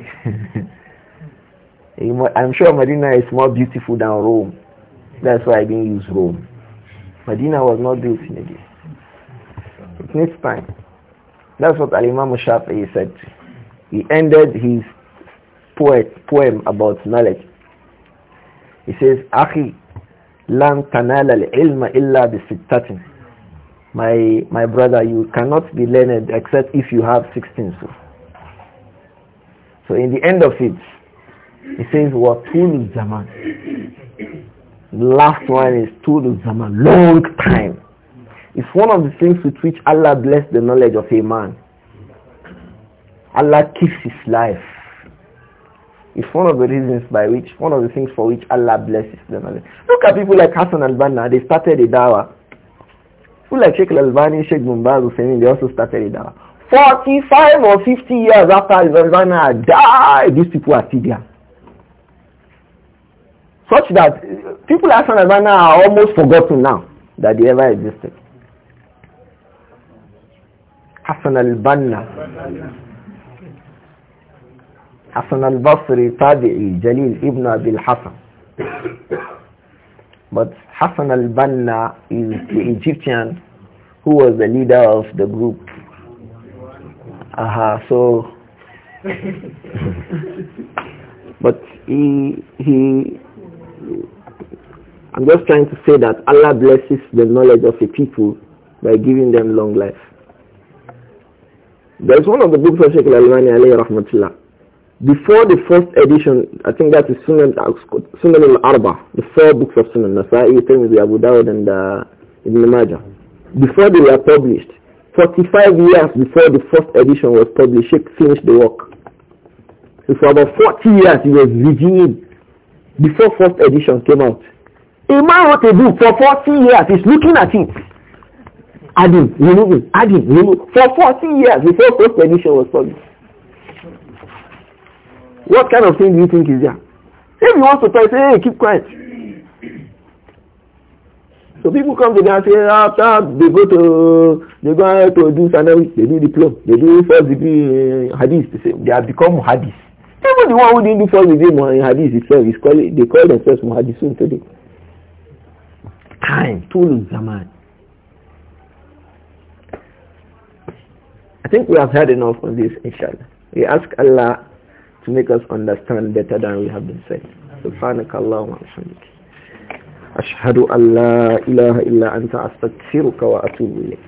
I'm sure Medina is more beautiful than Rome. That's why I didn't use Rome. Medina was not built in a day. It needs time. That's what Al-Imam Shafi'i said. He ended his poet, poem about knowledge. He says, لَن تَنَالَ ilma إِلَّا بِسِتَّةٍ My, my brother, you cannot be learned except if you have sixteen. So. so in the end of it, he says, وَطُولُ zaman. The last one is tulu zaman, long time. It's one of the things with which Allah bless the knowledge of a man. Allah keeps his life. It's one of the reasons by which, one of the things for which Allah blesses them. Look at people like Hassan al-Banna. They started a dawah. People like Sheikh al-Albani, Sheikh Mumbaz Hussein, they also started a dawah. 45 or 50 years after al-Banna died, these people are still there. Such that uh, people like Hassan al-Banna are almost forgotten now that they ever existed. Hassan al-Banna. Hassan al-Basri Tabi'i Jalil ibn Abil Hassan. But Hassan al-Banna is the Egyptian who was the leader of the group. Aha, uh -huh, so but he he I'm just trying to say that Allah blesses the knowledge of the people by giving them long life. There's one of the books of Sheikh Al-Albani alayhi rahmatullah before the first edition, I think that is Sunan, al-Arba, the four books of Sunan, Nasa'i, Tirmidhi, Abu Dawud, and uh, Ibn Majah. Before they were published, 45 years before the first edition was published, Sheikh finished the work. So for about 40 years, he was reading before first edition came out. A man wrote a book for 40 years. He's looking at it. Adding, removing, adding, removing. For 40 years before first edition was published. What kind of thing do you think is there? If you want to pray, say, hey, keep quiet. So people come to them and say, ah, after they go to, they go to do something, they do diploma, they do first degree uh, hadith. They, say, they have become hadith. Even the one who didn't do first degree in hadith itself, is called, they call themselves muhadithun today. Time, too zaman. I think we have had enough of this, inshallah. We ask Allah to make us understand better than we have been said. سبحانك اللهم وبحمدك أشهد أن لا إله إلا أنت أستغفرك وأتوب إليك